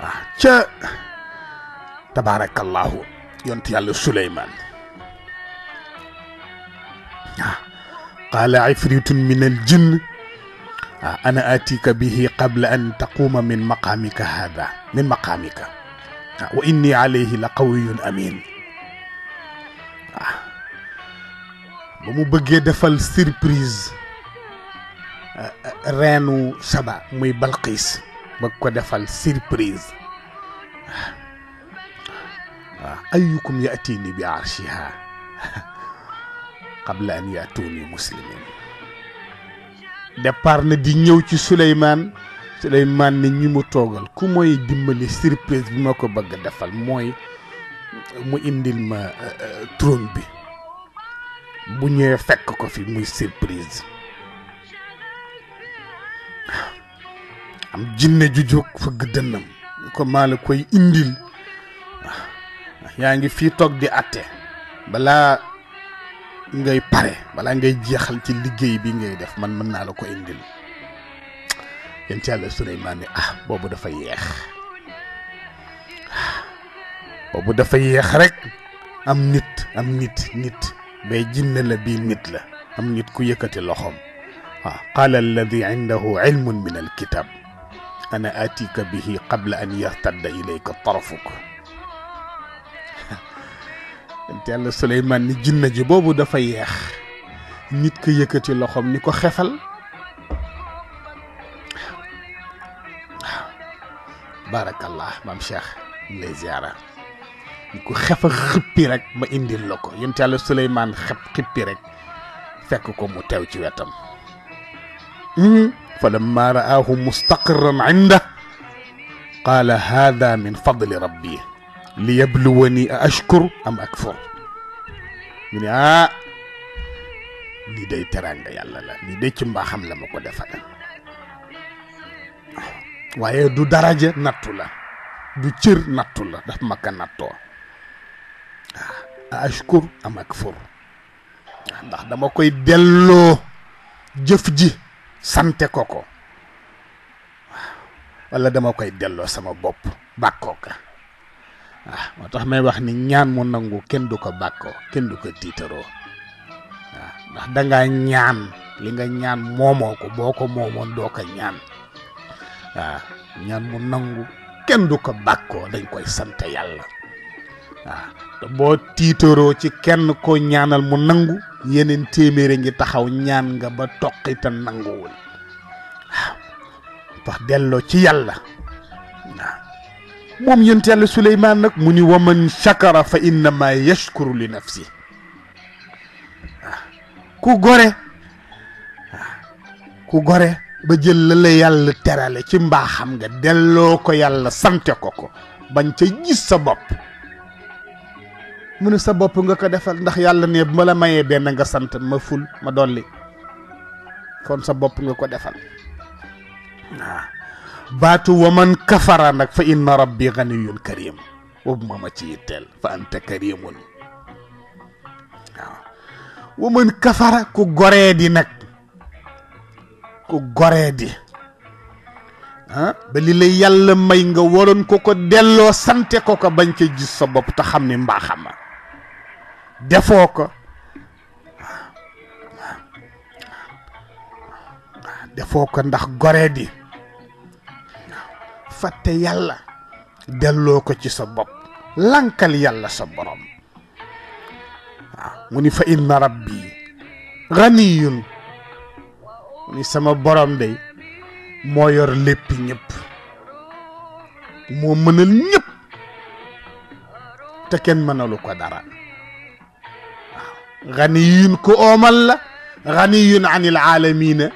waaw ah, ca tabaarakallaahu yont yàlla Suleymaan قال عفريت من الجن آه، أنا آتيك به قبل أن تقوم من مقامك هذا من مقامك آه، وإني عليه لقوي أمين آه، بمو بغي دفل سيربريز رينو شبا مي بلقيس بكو دفل سيربريز أيكم يأتيني بعرشها qabla an yaatuuni muslimin départ na di ñëw ci Souleymane Souleymane ne ñi mu toogal ku mooy dimbali surprise bi ma ko bëgg defal mooy mu indil ma euh, trône bi bu ñëwee fekk ko fi muy surprise am jinne ju jóg fëgg dënnam ko maa la koy indil yaa ngi fii toog di atte balaa ngay pare bala ngay jéxal ci liggéey bi ngay def man mën naa la ko indil yéen ci yàlla Suleymaan ni ah boobu dafa yeex boobu dafa yeex rek am nit am nit nit bay jinne la bi nit la am nit ku yëkkati loxom wa qala alladhi indahu ilmun min alkitab ana atika bihi qabla an yartadda ilayka tarafuk yonent yàlla Suleymaan ni jinna ji boobu dafa yeex nit ko yëkkati loxom ni ko xefal barakallah mam Cheikh lay ziara ni ko xefa xippi rek ma indil la ko yonent yàlla Suleymaan xep xippi rek fekk ko mu tew ci wetam falamma ra'aahu mustaqirran inda qaala haada min fadli rabbi li yabluwani a ashkur am akfur ñu ne ah lii day teraanga yàlla la lii day ci mbaaxam la ma ko defal waaye du daraja nattu la du cër nattu la daf ma ko nattoo a ah, ashkur am akfur ndax dama koy delloo jëf ji sante ko ko walla dama koy delloo sama bopp bàkkoo ka Ah, moo tax may wax ni ñaan mu nangu kenn du ko bàkkoo kenn du ko tiitaroo waaw ah, ndax dangaa ñaan li nga ñaan moomoo ko boo ko moomoon doo ko ñaan waaw ah, ñaan mu nangu kenn du ko bàkkoo dañ koy sant yàlla waaw te boo tiitaroo ci kenn ko ñaanal mu nangu yeneen téeméeri ngi taxaw ñaan nga ba toqita nanguwul waaw tax delloo ci yàlla moom yonent yàlla Suleymaan nag mu ni wa man chakara fa innama yashkuru li nafsi ku gore ku gore ba jël la la yàlla terale ci mbaaxam nga delloo ko yàlla sante ko ko bañ ca gis sa bopp mu ne sa bopp nga ko defal ndax yàlla ne bu ma la mayee benn nga sant ma ful ma dolli kon sa bopp nga ko defal waaw baatu wa man kafara nag fa inna rabbi ganiyun karim boobu mooma ci yitteel fa anta karimun waaw kafara ku goree di nag ku goree di ah, la yàlla may nga waroon ko ko delloo sante ko ko bañ ca gis sa bopp te xam ni mbaaxama defoo ko defoo ko ndax goree di fàtte yàlla dello ko ci sa bop lankal yàlla sa borom muni fa inna rabbi ghaniyun mu ni sama borom de mo yor lépp ñëpp mo meunal ñëpp te ken meunal ko dara waaw ganiyun ku oomal la ganiyun anil aalamiina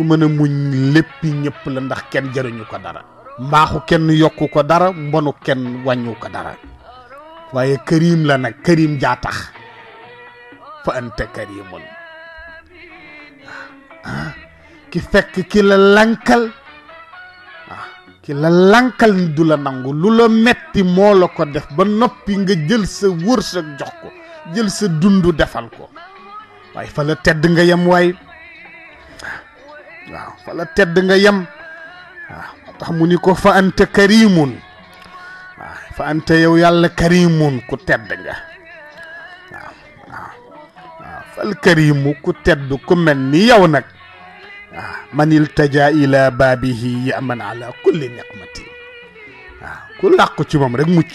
ku meuna muñ lepp ñepp la ndax kenn jëriñu ko dara mbaxu kenn yokku ko dara mbonu kenn wañu ko dara waye karim la nak karim ja tax fa anta karimun ah, ki fekk ki la lankal ah, ki la lankal ni dula nangu lu lo metti mo la ko def ba nopi nga jël sa wursak jox ko jël sa dundu defal ko waye fa la tedd nga yam waye waaw fa tedd nga yem waaw tax mu ni ko fa anta karimun waaw fa anta yow yàlla karimun ku tedd nga waaw waaw fal karimu ku tedd ku mel ni yow nag waaw man iltaja ila baabihi yaman ala kulli niqmati waaw ku làqu ci moom rek mucc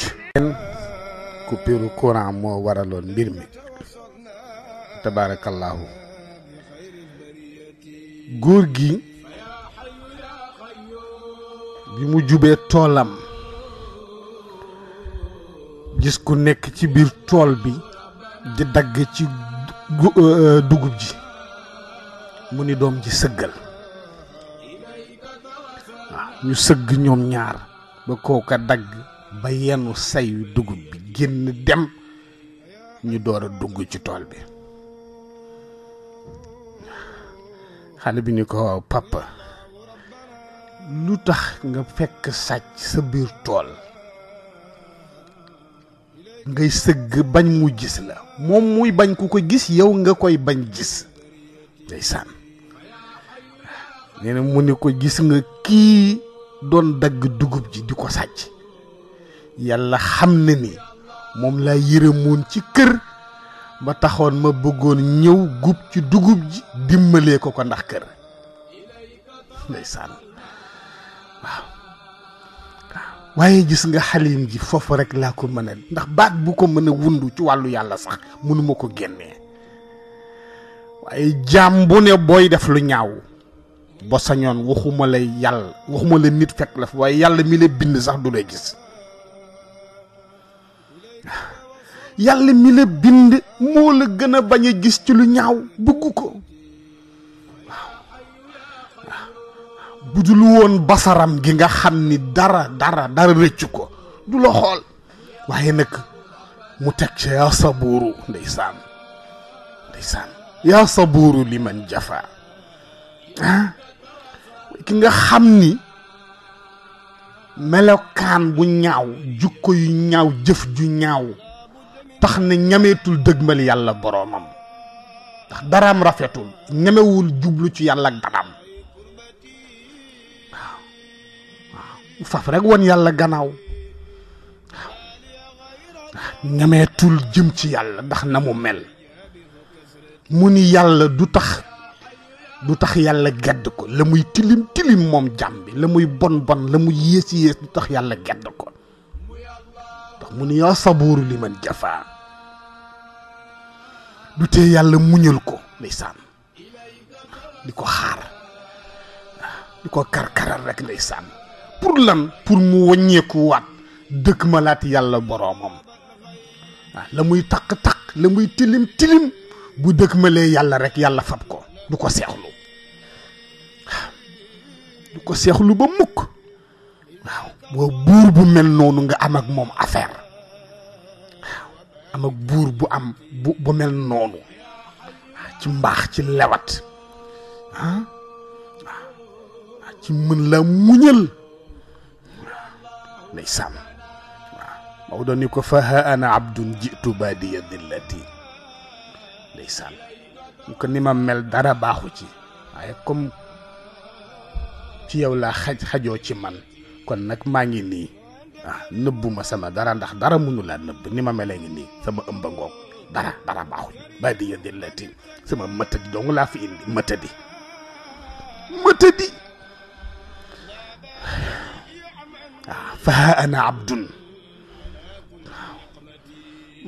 coupure courant moo waraloon mbir mi tabarakallahu góor gi bi mu jubee toolam gis ku nekk ci biir tool bi di dagg ci euh, euh, dugub ji mu ni doom ji sëggal waaw ñu sëgg ñoom ñaar ba kooka dagg ba yenu sayu dugub bi génn dem ñu door a dugg ci tool bi xale bi ni ko waaw papa lu tax nga fekk sàcc sa biir tool ngay sëgg bañ mu gis la moom muy bañ ku ko gis yow nga koy bañ gis ndeysaan nee na mu ni ko gis nga kii doon dagg dugub ji di ko sàcc yàlla xam na ni moom laa yërëmoon ci kër ba taxoon ma bëggoon ñëw gub ci dugub ji dimbalee ko ko ndax kër ndeysaan waaw waaye gis nga xalim ji foofu rek laa ko mën a ndax baat bu ko mën a wundu ci wàllu yàlla sax mënuma ko génnee waaye jaam bu ne booy def lu ñaaw ba sañoon waxuma la yàlla waxuma la nit fekk la fa waaye yàlla mi la bind sax du lay gis yàlla mi la bind moo la gën a bañ a gis ci lu ñaaw bëgg ko waaw bu dul woon basaram gi nga xam ni dara dara dara rëccu ko du la xool waaye nag mu teg ca yaa sabuuru ndeysaan ndeysaan yaa sabuuru li man jafa ah. ki nga xam ni melokaan bu ñaaw jukko yu ñaaw jëf ju ñaaw tax na ñameetul dëgmal yàlla boroomam ndax daraam rafetul ñamewul jublu ci yàlla ak daraam faf rek won yàlla gannaaw waaw ñameetul jëm ci yàlla ndax na mu mel mu ni yàlla du tax du tax yàlla gedd ko la muy tilim tilim moom jàmm la muy bon bon la muy yées yées du tax yàlla gedd ko mu ni yaa sabuuru li man jafaa du tee yàlla muñal ko ndeysaan di ko xaar di ko karkaral rek ndeysaan pour lan pour mu wàññeeku waat dëkk malaat yàlla boroomam ah, la muy taq-taq la muy tilim tilim bu dëkk malee yàlla rek yàlla fab ko du ko seexlu du ko seexlu ba mukk waaw boo buur bu mel noonu nga am ak moom affaire am ak buur bu am bu mel noonu ah, ci mbaax ci lewat ah? ah, ci mën la muñal waaw ndeysaan waaw Maodo ni ko fa ha ana abdun jitu badiya dillati ndeysaan ñu ko ni ma mel dara baaxu ci waaye comme ci yow laa xaj xajoo ci man kon nag maa ngi nii ah ma sama dara ndax dara munu laa nëbb ni ma melee ngi nii sama ëmba ngoog dara dara baaxul ba di ya dellati sama mëtadi dong laa fi indi mëtadi mëtadi waaw ah, fa ana abdun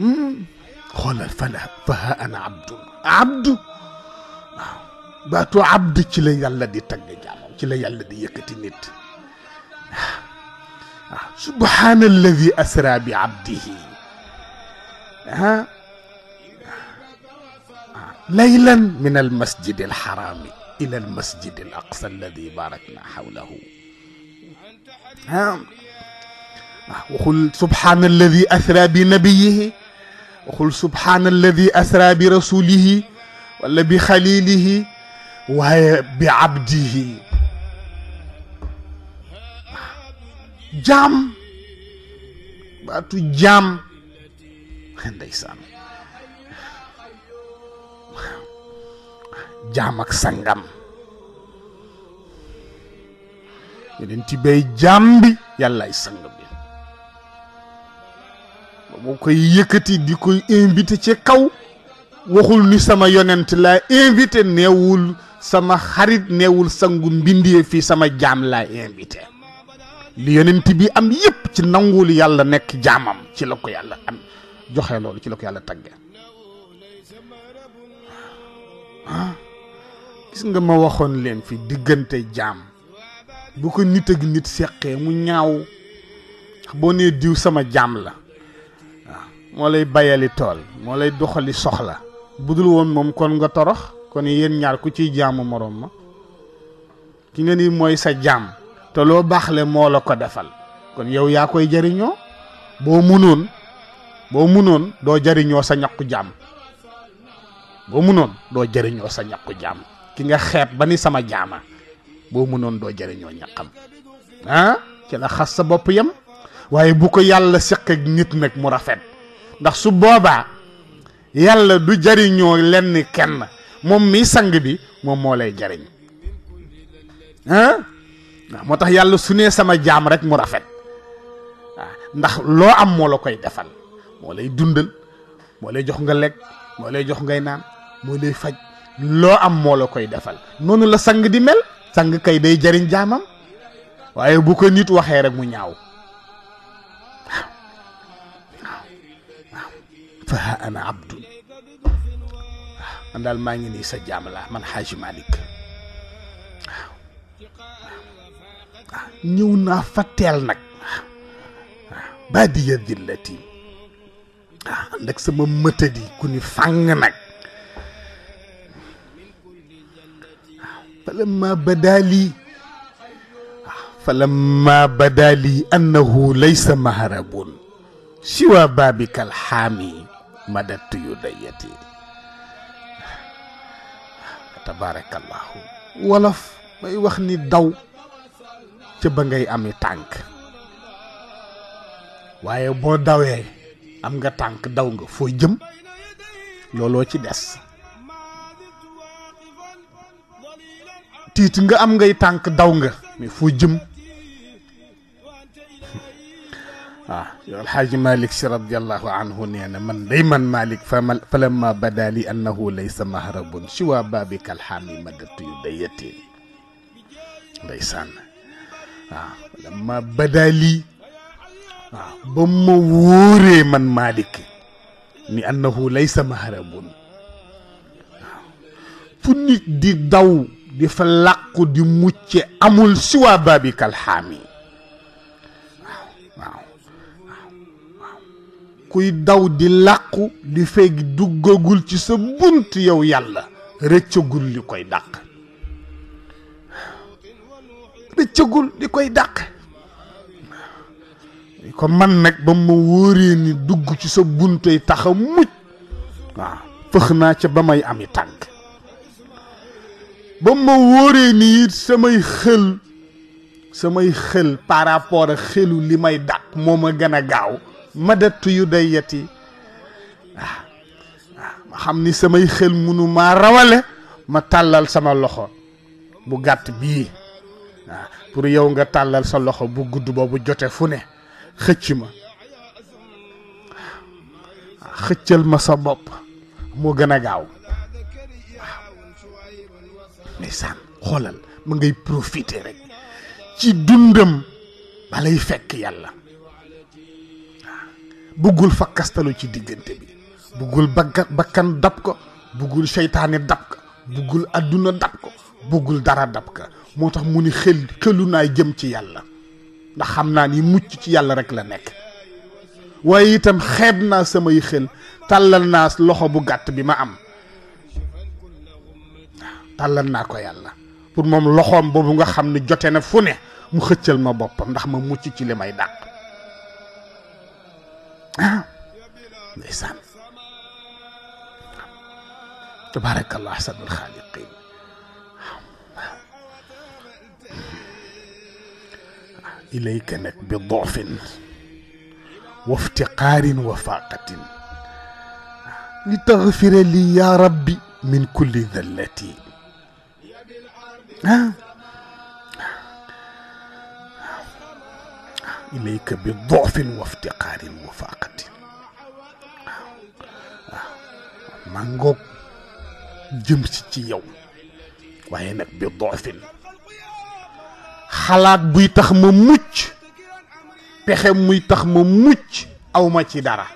hmm. xoolal fana faha ana abdu abdu waaw abdu ci la di tagg jaamam ci la di yëkkati nit سبحان الذي أسرى بعبده ها ليلا من المسجد الحرام إلى المسجد الأقصى الذي باركنا حوله ها وقل سبحان الذي أسرى بنبيه وقل سبحان الذي أسرى برسوله ولا بخليله وبعبده jaam baatu jaam ndeysaan jaam ak sangam yeneen ti bay jaam bi yàllaay sang bi ba moo koy yëkkati di koy invité ci kaw waxul ni sama yonent laa invité neewul sama xarit neewul sangu mbindee fii sama jaam laa invité li yeneen yonent bi am yépp ci nangul yàlla nekk jaamam ci la ko yàlla am joxe loolu ci la ko yàlla tagge ah gis nga ma waxoon leen fi diggante jaam bu ko nit ak nit seqee mu ñaaw boo nee diw sama jaam la ah. moo lay bayali tool moo lay doxali soxla bu budul woon moom kon nga torox kon yéen ñaar ku ciy jaamu moroom ma ki nga ni mooy sa jaam te loo baaxle moo la ko defal kon yow yaa koy jariñoo boo munoon boo munoon doo jariñoo sa ñàkku jaam boo munoon doo jëriñoo sa ñàkku jaam ki nga xeeb ba ni sama jaama boo munoon doo jëriñoo ñàkkam ah ci la xas sa bopp yem waaye bu ko yàlla seq ak nit nag mu rafet ndax su boobaa yàlla du jariñoo lenn kenn moom mi sang bi moom moo lay jariñ ah? waaw moo tax yàlla su ne sama jaam rek mu rafet waaw ndax loo am moo la koy defal moo lay dundal moo lay jox nga lekk moo lay jox ngay naan moo lay faj loo am moo la koy defal noonu la sang di mel sang kay day jariñ jaamam waaye bu ko nit waxee rek mu ñaaw waaw ana abdun man daal maa ngi nii sa jaam laa man xaaji ñëw naa fa teel nag baadiya dillati ah ànd ak sama mëtadi ku ni fàng nag فلما بدا لي فلما بدا لي أنه ليس مهرب سوى بابك الحامي مددت يديتي تبارك الله ولف ما يوخني الضوء ca ba ngay ami tànk waaye boo dawee am nga tànk daw nga foo jëm looloo ci des tiit nga am ngay tànk daw nga mais foo jëm waaw ah, yow alxaaji malik si radiallahu anhu nee man day man malik fa lamma bada li annahu laysa mahrabun siwa babika alxaami madatu yu dayateen ndeysaan waaw ah, lama badali waaw ah, ba ma wóoree man Malick ni annahu laysa maharabun waaw ah, fu nit di daw di fa làqu di mucce amul siwaa baabikal xaami kuy daw di làqu di feg duggagul ci sa bunt yow yàlla rëccagul li koy dàq bëccëgul di koy dàq ko man nag ba ma dugg ci sa buntoy taxa muj waaw naa ca ba may ami tànk ba ma wóoree nii samay xel samay xel par rapport ak xelu li may dàq moo ma gën a gaaw ma dettu yu day yeti waaw waaw ma xam ni samay xel munu ma rawale ma tàllal sama loxo bu gàtt bii Nah, pour yow nga talal sa loxo bu gudd bobu joté fu ne xëcc ma ma sa bop mo gëna gaaw ndeysaan xolal ma ngay profiter rek ci dundam balay fekk yàlla buggul fakkastalu ci digënté bi bugul bakkan dab ko bugul shaytané dab ko bugul aduna dab ko bugul dara dab ko motax muni xel xelu nay jëm ci yàlla ndax xamna ni mucc ci yàlla rek la nek waye itam xebna sama yi xel talal nas loxo bu gàtt bi ma am talal naa ko yàlla pour mom loxom bobu nga xamni jote na fune mu xëccël ma boppam ndax ma mucc ci limay may dàq ah ndeysaan tabaarakallah ahsanul xaaliqiin ilayka nag bi doofin waftiqaarin wa faaqatin li taxfira lii yaa rabbi min kulli dallati ah ilayka bi doofin waftiqaarin wa faaqatin waaw maa ngoog jëm si ci yow waaye nag bi doofin xalaat buy tax ma mucc pexe muy tax ma mucc awma ci dara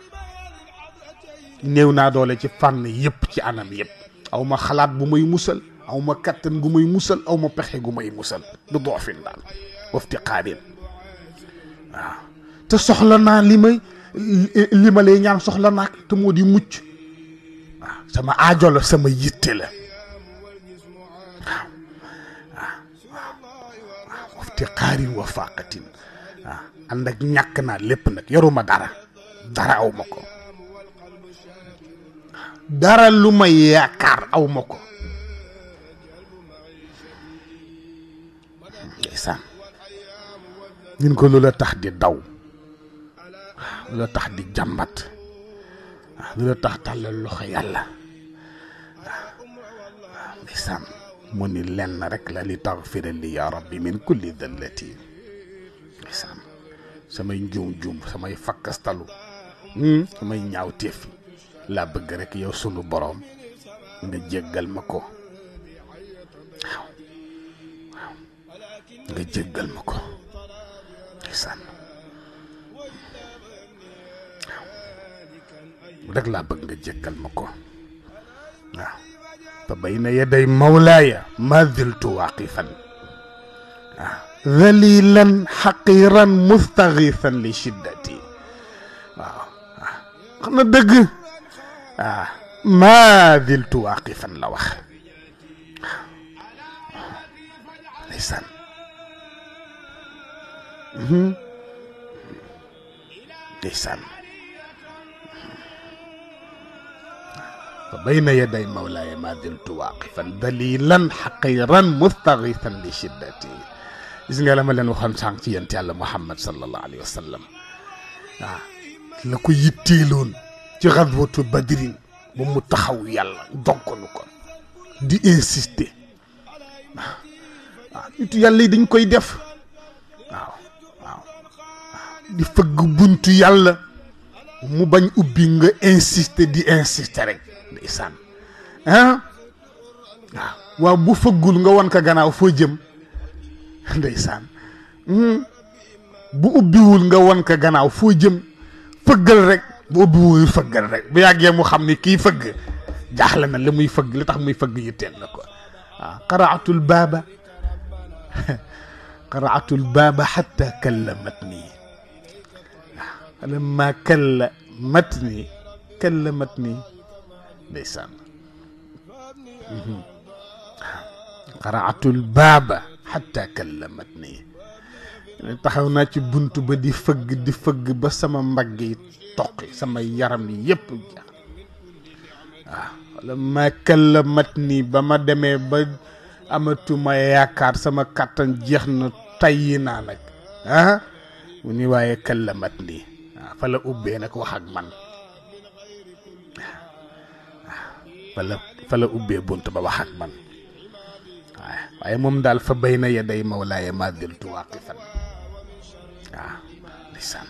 néew naa doole ci fànn yépp ci anam yépp awma xalaat bu may musal awma kattan gu may musal awma pexe gu may musal du doofin daal wafti qaabin waaw te soxla naa li may li ma lay ñaan soxla naak te moo di mucc sama aajo la sama yitte la ati xaarin wa waaw ah, ànd ak ñàkk naa lépp nag yoruma dara dara aw ko dara lu may yaakaar awma ma ko ndeysaan ñun ko lu la tax di daw lu la tax di jàmbat lu la tax tàllal loxo yàlla waaw ah, ndeysaan mu ni lenn rek la li taxfira li yaa rabbi min kulli dallati ndeysaan samay njuum-juum samay fakkastalu hmm, samay ñaaw téef laa bëgg rek yow sunu boroom nga jéggal ma ko waaw nga jéggal ma ko ndeysaan waaw rek laa bëgg nga jéggal ma ko waaw بين يدي مولاي ما زلت واقفا ذليلا حقيرا مستغيثا لشدتي ندق آه، آه، آه، ما زلت واقفا لوخ لسان لسان فبين يدي مولاي ما زلت واقفا ذليلا حقيرا مستغيثا لشدتي إذن قال ملا نخان شانتي أنت على محمد صلى الله عليه وسلم آه، لكو يتيلون تي غضبة بدرين ومتخو يالا دونكو دي إنسيستي يتو آه، آه، يالا دين كوي ديف دي فق بنتو يالا مو بني أبينغ إنسيستي دي إنسيستي رك isaan ah waaw waaw bu fëggul nga won ko gannaaw foo jëm ndeysaan bu ubbiwul nga won ko gannaaw foo jëm fëggal rek bu ubbiwul fëggal rek bu yàggee mu xam ni kii fëgg jaaxle na li muy fëgg li tax muy fëgg yitteel na ko waaw qaraatul baaba قرعت الباب حتى كلمتني لما كلمتني كلمتني ndeysaan qaraatul mhm. baba hatta kallamat nii taxaw na ci buntu ba di feug di feug ba sama mbagg yi sama yaram yep yépp ah, jaax wala ma kallamat nii ba ma demee ba ma yakar sama katan jeexna tayina nak naa ah, ni waaye kallamat wax ak ah, man fala fala ubbee bunt ba wax ak man waaye moom daal fa bay na yaday mawlaaya ma diltu waaqifan waaw ndeysaan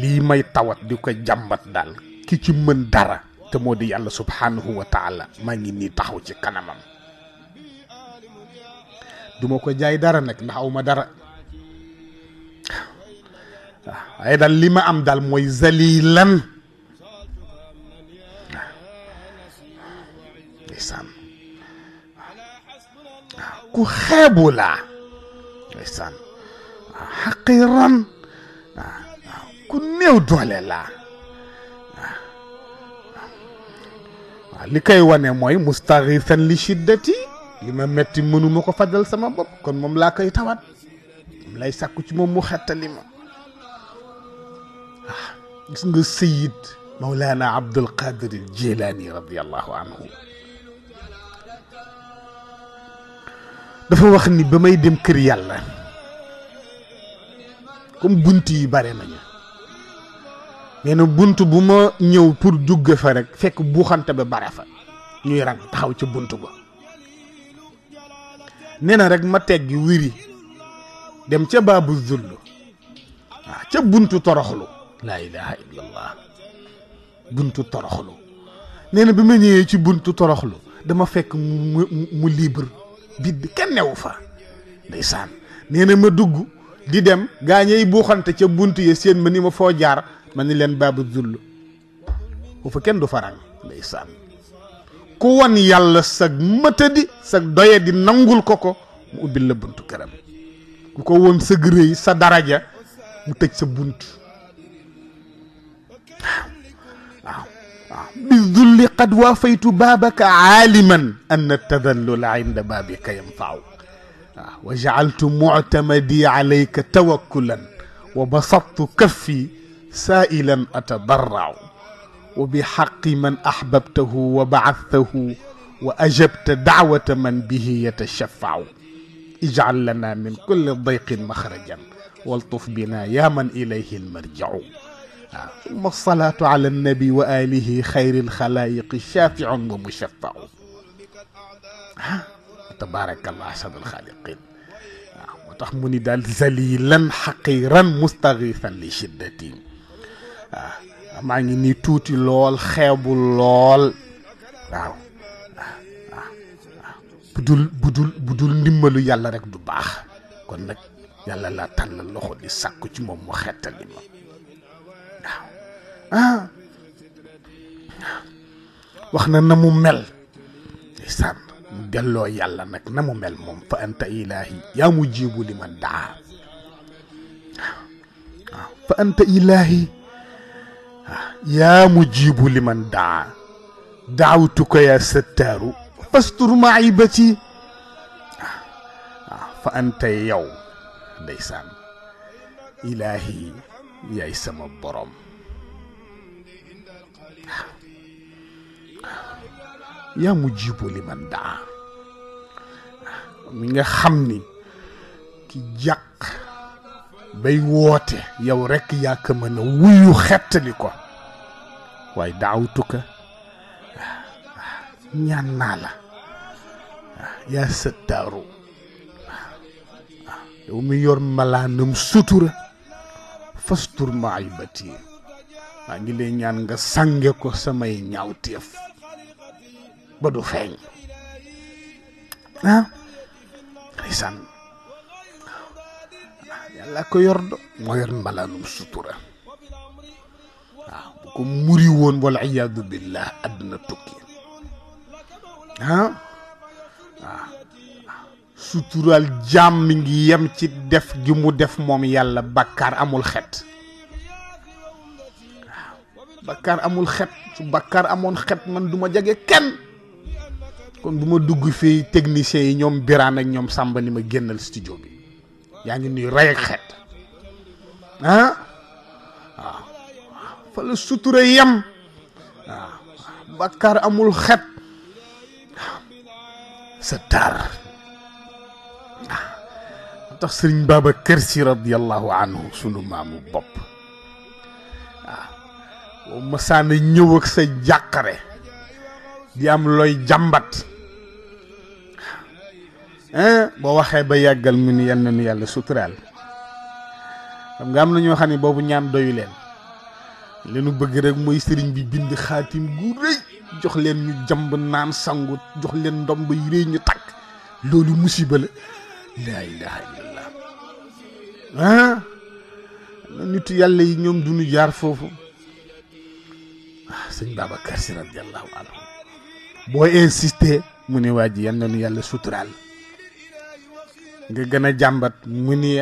lii may tawat di ko jàmbat daal ki ci mën dara te moo di yàlla subhaanahu wa taala maa ngi nii taxaw ci kanamam duma ko jaay dara nag ndax aw ma dara waaye daal li ma am daal mooy zalilan ndeysaan ku xeebu laa hakiran waaw xaqiran ku néew doole laa waaw li koy wane mooy mustaxisan li shiddati li ma metti mënuma ko fajal sama bopp kon moom laa koy tawat moom lay sàkku ci moom mu xettali ma waaw gis nga sayid mawlana abdul qadir al jilani radiallahu anhu dafa wax ni ba may dem kër yàlla comme bunt yi bare nañu nee na bunt bu ma ñëw pour jugge fa rek fekk buuxante ba bare fa ñuy rang taxaw ca bunt ba nee na rek ma teggi wiri dem ca baabu zull waaw ca buntu toroxlu laa ilaha illallah buntu toroxlu nee na bi ma ñëwee ci buntu toroxlu dama fekk mu mu libre bit kenn newu fa ndeysaan nee na ma dugg di dem gaañey buuxante ca bunt ya seen ma ni ma foo jaar ma ni leen baabu zull foofu kenn du farang ndeysaan ku won yàlla sag mëtadi sag doye di nangul ko ko mu ubbil la buntu këram ku ko woon sag rëy sa daraja mu tëj sa bunt waaw بالذل قد وافيت بابك عالما أن التذلل عند بابك ينفع آه، وجعلت معتمدي عليك توكلا وبسطت كفي سائلا أتضرع وبحق من أحببته وبعثته وأجبت دعوة من به يتشفع اجعل لنا من كل ضيق مخرجا والطف بنا يا من إليه المرجع ثم الصلاة على النبي وآله خير الخلائق الشافع ومشفع تبارك الله أسد الخالقين نعم، وتحمني دال زليلا حقيرا مستغيثا لشدتي معني توتي لول خيب لول budul budul budul ndimbalu yalla rek du bax kon nak yalla la tan loxo di ah wax na na mu mel sànn delloo yàlla nag na mu mel moom fa anta ilaahi yaa mu jiibu li ma daa waaw fa anta ilaahi yaa mu jiibu li man daa daawtuka ya sattaaru fastur maibati waaw fa anta yow ndeysaan ilaahi yaay sama borom yaa mujiibu liman daa mi nga xam ni ki jàq bay woote yow rekk yaa ko mën a wuyu xettali ko waaye daawtuka ñaan naa la yaa sëttaaru yow mi yor malaanam sutura fastur ma ay bati maa ngi lay ñaan nga sange ko samay ñaawteef ba du feeñ ah ndeysaan ko yor do moo yor mbalaanum sutura woon wala iyaadu billah àdduna tukki ah waaw suturaal jaam mi ngi yem ci def gi mu def moom yàlla bakkaar amul xet su bakkaar amoon xet man du jege kenn kon buma fi dugg fi technicien yi ñom biran ak ñom samba ni ma gennal studio bi ya ngi nuy ray ak ah? Ah. Ah. xet ah fa le suture yam waaw amul xet sa tar tax sëriñ Si radiyallahu anhu sunu mamu bopp ma sa ne ñew ak sa jakare di am loy jambat Eh, bo waxe ba yàggal ya mu ni yenn nu yàlla suturaal xam nga am na ñoo xani bobu ñaan doyu len li nu bëgg rek moy sëriñ bi bind khatim gu rëy jox len ñu jamb naan sangu jox len ndom yu rëy ñu tak lolu musibe la la ilaha illallah ah nit yalla yi ñom duñu jaar fofu ah Babacar si radiallahu anhu boo insisté nga gën a jàmbat mu ni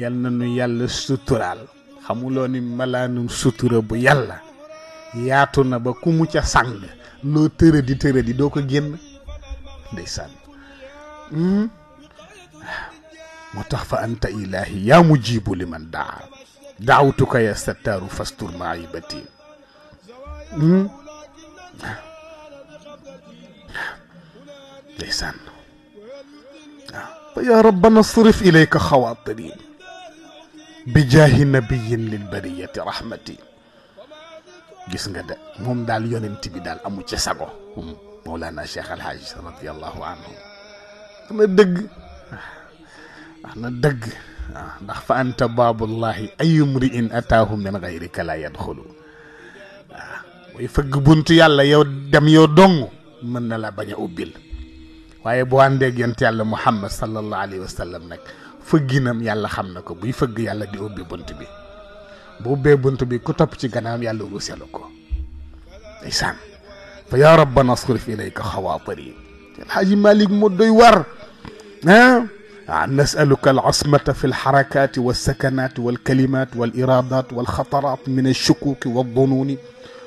yal na nu yàlla suturaal xamuloo ni malaanum sutura bu yàlla yaatu na ba ku mu ca sàng loo tëradi tëradi doo ko génn ndeysaan hmm? ah, tax fa anta ilaahi yaa mujibu li man daa daawtuka ya sattaaru يا ربنا نصرف إليك خواطري بجاه نبي للبرية رحمتي جس غدا موم دال يوننت بي دال امو تي ساغو مولانا شيخ الحاج رضي الله عنه انا دغ انا دغ ndax fa anta babullahi ay mri'in ataahu min ghayrika la yadkhulu way fagg buntu yalla yow dem yow dong man na la baña ubil waaye bu àndeeg yonent yàlla muhammad sallallahu alayhi wa sallam nag fëgginam yàlla xam na ko buy fëgg yàlla di ubbi bunt bi bu ubbee bunt bi ku topp ci gannaawam yàlla ruuselu ko ndeysaan fa ya rabbana asrif ilayka xawaatiri alxaaji malik mu doy war ah nasaluka alasmata fi alxarakaati walsakanat walkalimat waliradat walxatarat min alshukuki waldunuuni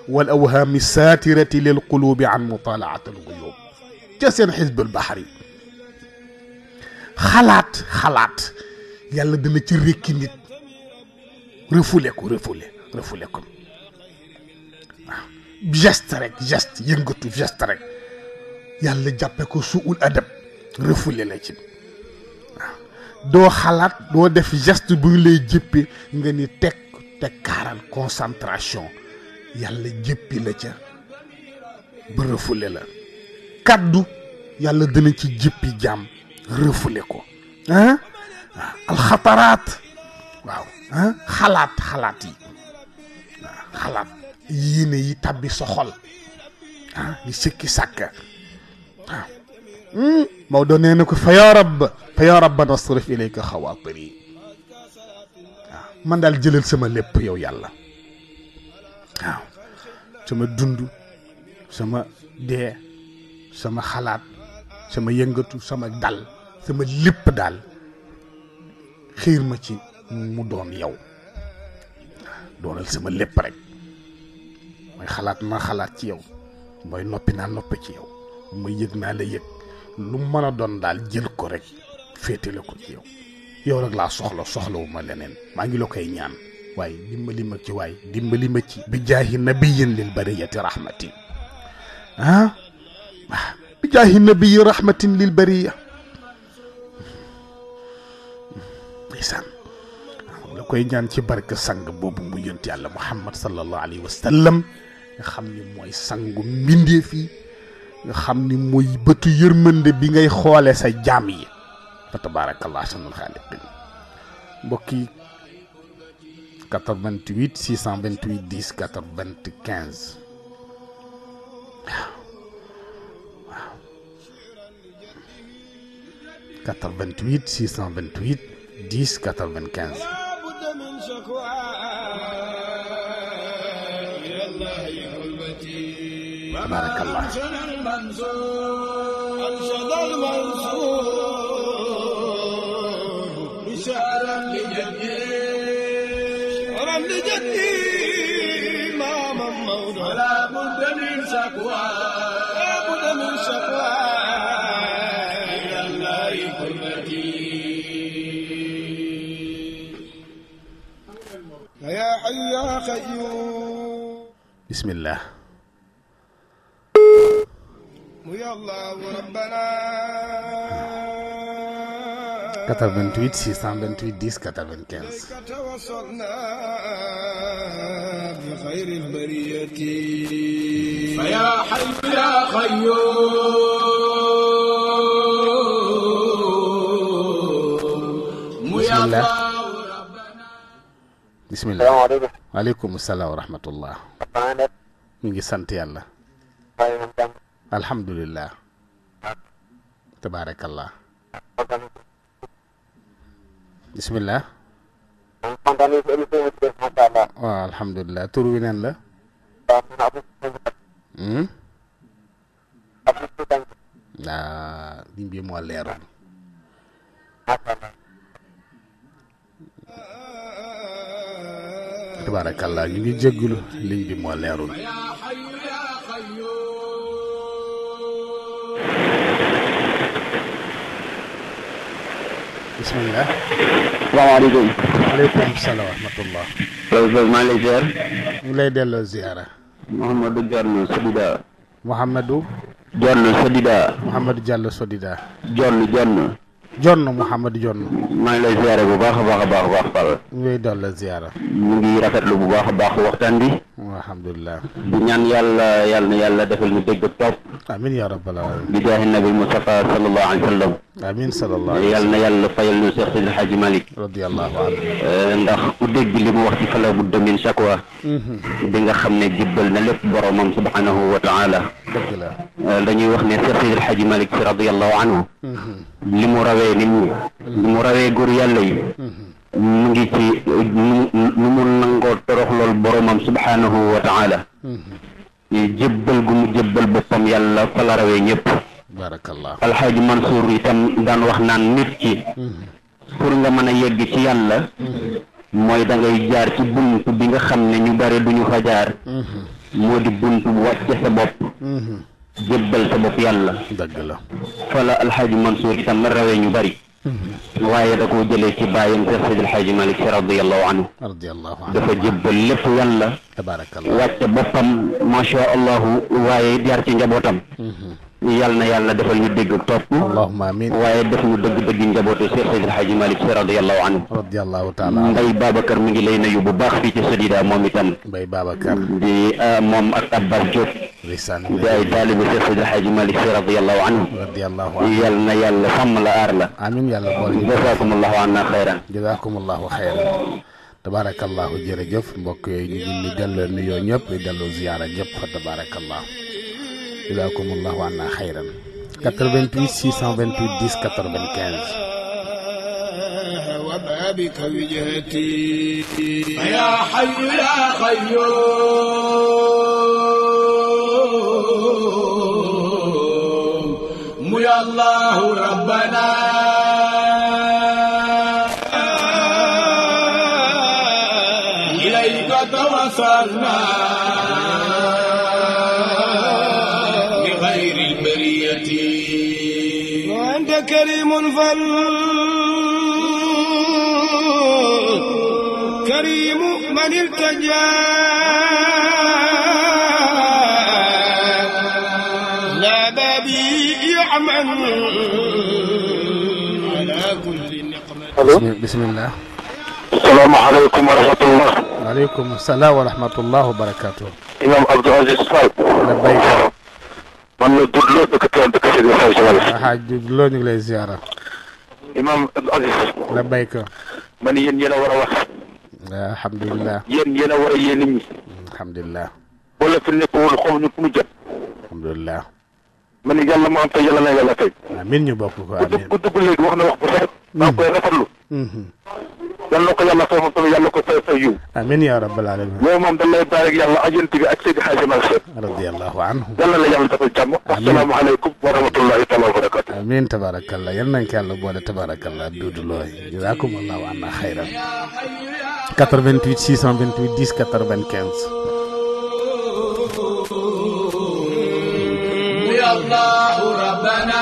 والأوهام الساترة للقلوب عن مطالعة الغيوب ca seen xisbul baxari xalaat xalaat yàlla dana ci rékki nit refoulé ko refoulé refoulé ko waaw geste rek geste yëngatu geste rek yàlla jàppe ko suul adab refoulé la ci waaw doo xalaat doo def gest bu lay jëppee nga ni teg te kaaral concentration yàlla jëppi la ca ba refoulé la kàddu yàlla dana ci jëppi jaam rëfule ko ah alxataraat waaw ah xalaat xalaat yi waaw ah, xalaat yéene yi tabbi sa xol ah ni sëkki sàkka ah. waaw hmm? Maodo nee na ko fa yaa rabba fa yaa rabba nasrif ilayka xawaatir yi ah, man daal jëlal sama lépp yow yàlla waaw sama dund sama dee sama xalaat sama yëngatu sama dal sama lépp daal xiir ma ci mu doon yow doonal sama lépp rek mooy xalaat ma xalaat ci yow mooy noppi naa noppi ci yow mooy yëg naa la yëg lu mën a doon daal jël ko rek féetale ko ci yow yow rek laa soxla soxlawu ma leneen maa ngi la koy ñaan waaye dimbali ma ci waaye dimbali ma ci bi jaahi nabiyin lil bariyati rahmati ah بجاه النبي رحمة للبرية إيسان لكي جان تي بارك سانغ بوبو مو ينتي على محمد صلى الله عليه وسلم خمني موي سانغ مندي في خمني موي بتو يرمند بي غي خولي سا جامي فتبارك الله سن الخالق بوكي 88 628 10 95 kata dua puluh delapan, seratus dua puluh bismillah يا الله ربنا 88 628 10 95 توصلنا بخير البرية فيا حي يا خيوم بسم الله بسم الله السلام عليكم waaleykum salaam wa rahmatullah mi ngi sant yàlla alhamdulillah tabarakallah bismillah waaw alhamdulillah tur wi nan la hmm la nah, dimbi mo leeroon tabarakallah ñu ngi jéggulu liñ bi moo leerul bismillah salaamaaleykum aleykum salaam warahmatullah professeur maa lay ziar ñu lay delloo ziara mohamadou jorno sodida mohamadou jorno sodida mohamadou diallo sodida jorno jorno جون محمد جون ما لي زيارة بباخ باخ باخ باخ بال مي دار زيارة مي رفعت لو بباخ باخ وقت عندي الحمد لله بنيان يلا يلا يلا دخل من دقة آمين يا رب العالمين بجاه النبي المصطفى صلى الله عليه وسلم آمين صلى الله عليه وسلم يلا يلا فيل نسخ الحاج مالك رضي الله عنه ندخ ودك بلي موقتي فلا بد من شكوى دينا خمنا جبل نلف برمم سبحانه وتعالى لكن يوخني سيخي الحاج مالك رضي الله عنه li mu rawee nit ñi li mu rawee góor yàlla yi mu ngi ci nu mu nangoo torox lool boromam subhaanahu wa taala gu mu jébbal boppam yàlla fa la rawee ñëpp barakallah alxaaji Mansour itam daan wax naan nit ki pour nga mën a yegg ci yàlla mooy da jaar ci bunt bi nga xam ne ñu bare duñu fa jaar moo di bunt wàcce sa bopp jébbal sa bopp yàlla dëgg la fala al mansour itam la rawee ñu bari mhm. waaye da koo jëlee ci bàyyam te Seydi Alxaaji Malik Si radiallahu anhu dafa jébbal lépp yàlla wàcce boppam macha allahu waaye jaar ci njabootam mhm. yàlla na yàlla defal ñu dégg ak topp allahumma amiin waaye def ñu dëgg-dëgg njabootu Cheikh Seydil Hadji Malick Sy radiyallahu anhu radiyallahu taala Mbaye Babacar mi ngi lay nuyu bu baax fii ci Sadida moom itam Mbaye Babacar di ah, moom ak Abbas Diop ndeysaan di ay taalibu Cheikh Seydil Hadji Malick Sy radiyallahu anhu radiyallahu anhu yàlla na yàlla sàmm la aar la amiin yàlla boole jazaakumullahu anna xayran jazaakumullahu xayran tabarakallahu jërëjëf mbokk yooyu ñu ngi delloo nuyoo ñëpp di delloo ziyaara ñëpp fa tabarakallahu jazakumullahu anna khairan 88 628 10 95 وجهتي حي يا قيوم يا الله ربنا كريم كريم من التجا لا يعمل على كل نقمة بسم الله السلام عليكم ورحمة الله وعليكم السلام ورحمة الله وبركاته إمام عبد العزيز الصالح لبيك man la Doudou Lo dëkk Thiel dëkk Sédhiou Faye si wàllu. waaw Doudou Lo ñu ngi ziara. imaam Abdou Aziz. la béy ko. man yéen yéen a war a wax. Ah, alhamdulilah. yéen yéen a war a yéen nit ñi. alhamdulilah. wala fi nekk woon xaw ñu fu mu jot. alhamdulilah. man yàlla moo am na yàlla tey. amiin ñu bokk ko amiin ku dugg léegi wax na wax bu rafet. Hmm. maa ngi koy rafetlu. yal na ko yàlla foofu tamit yal na ko fay fay yiw. amiin yaa rabbal alamin. loolu moom dañ lay baal ak yàlla ajante bi ak Seydi Hadji Malick Sy. radiyallahu anhu. yal na la yàlla defal jàmm. amiin asalaamaaleykum wa rahmatullahi taala wa barakatu. amiin tabarakallah yal nañ ko yàlla boole tabarakallah Doudou Ndoye. jazaakumullahu anna xayran. 88 628 10 95. الله ربنا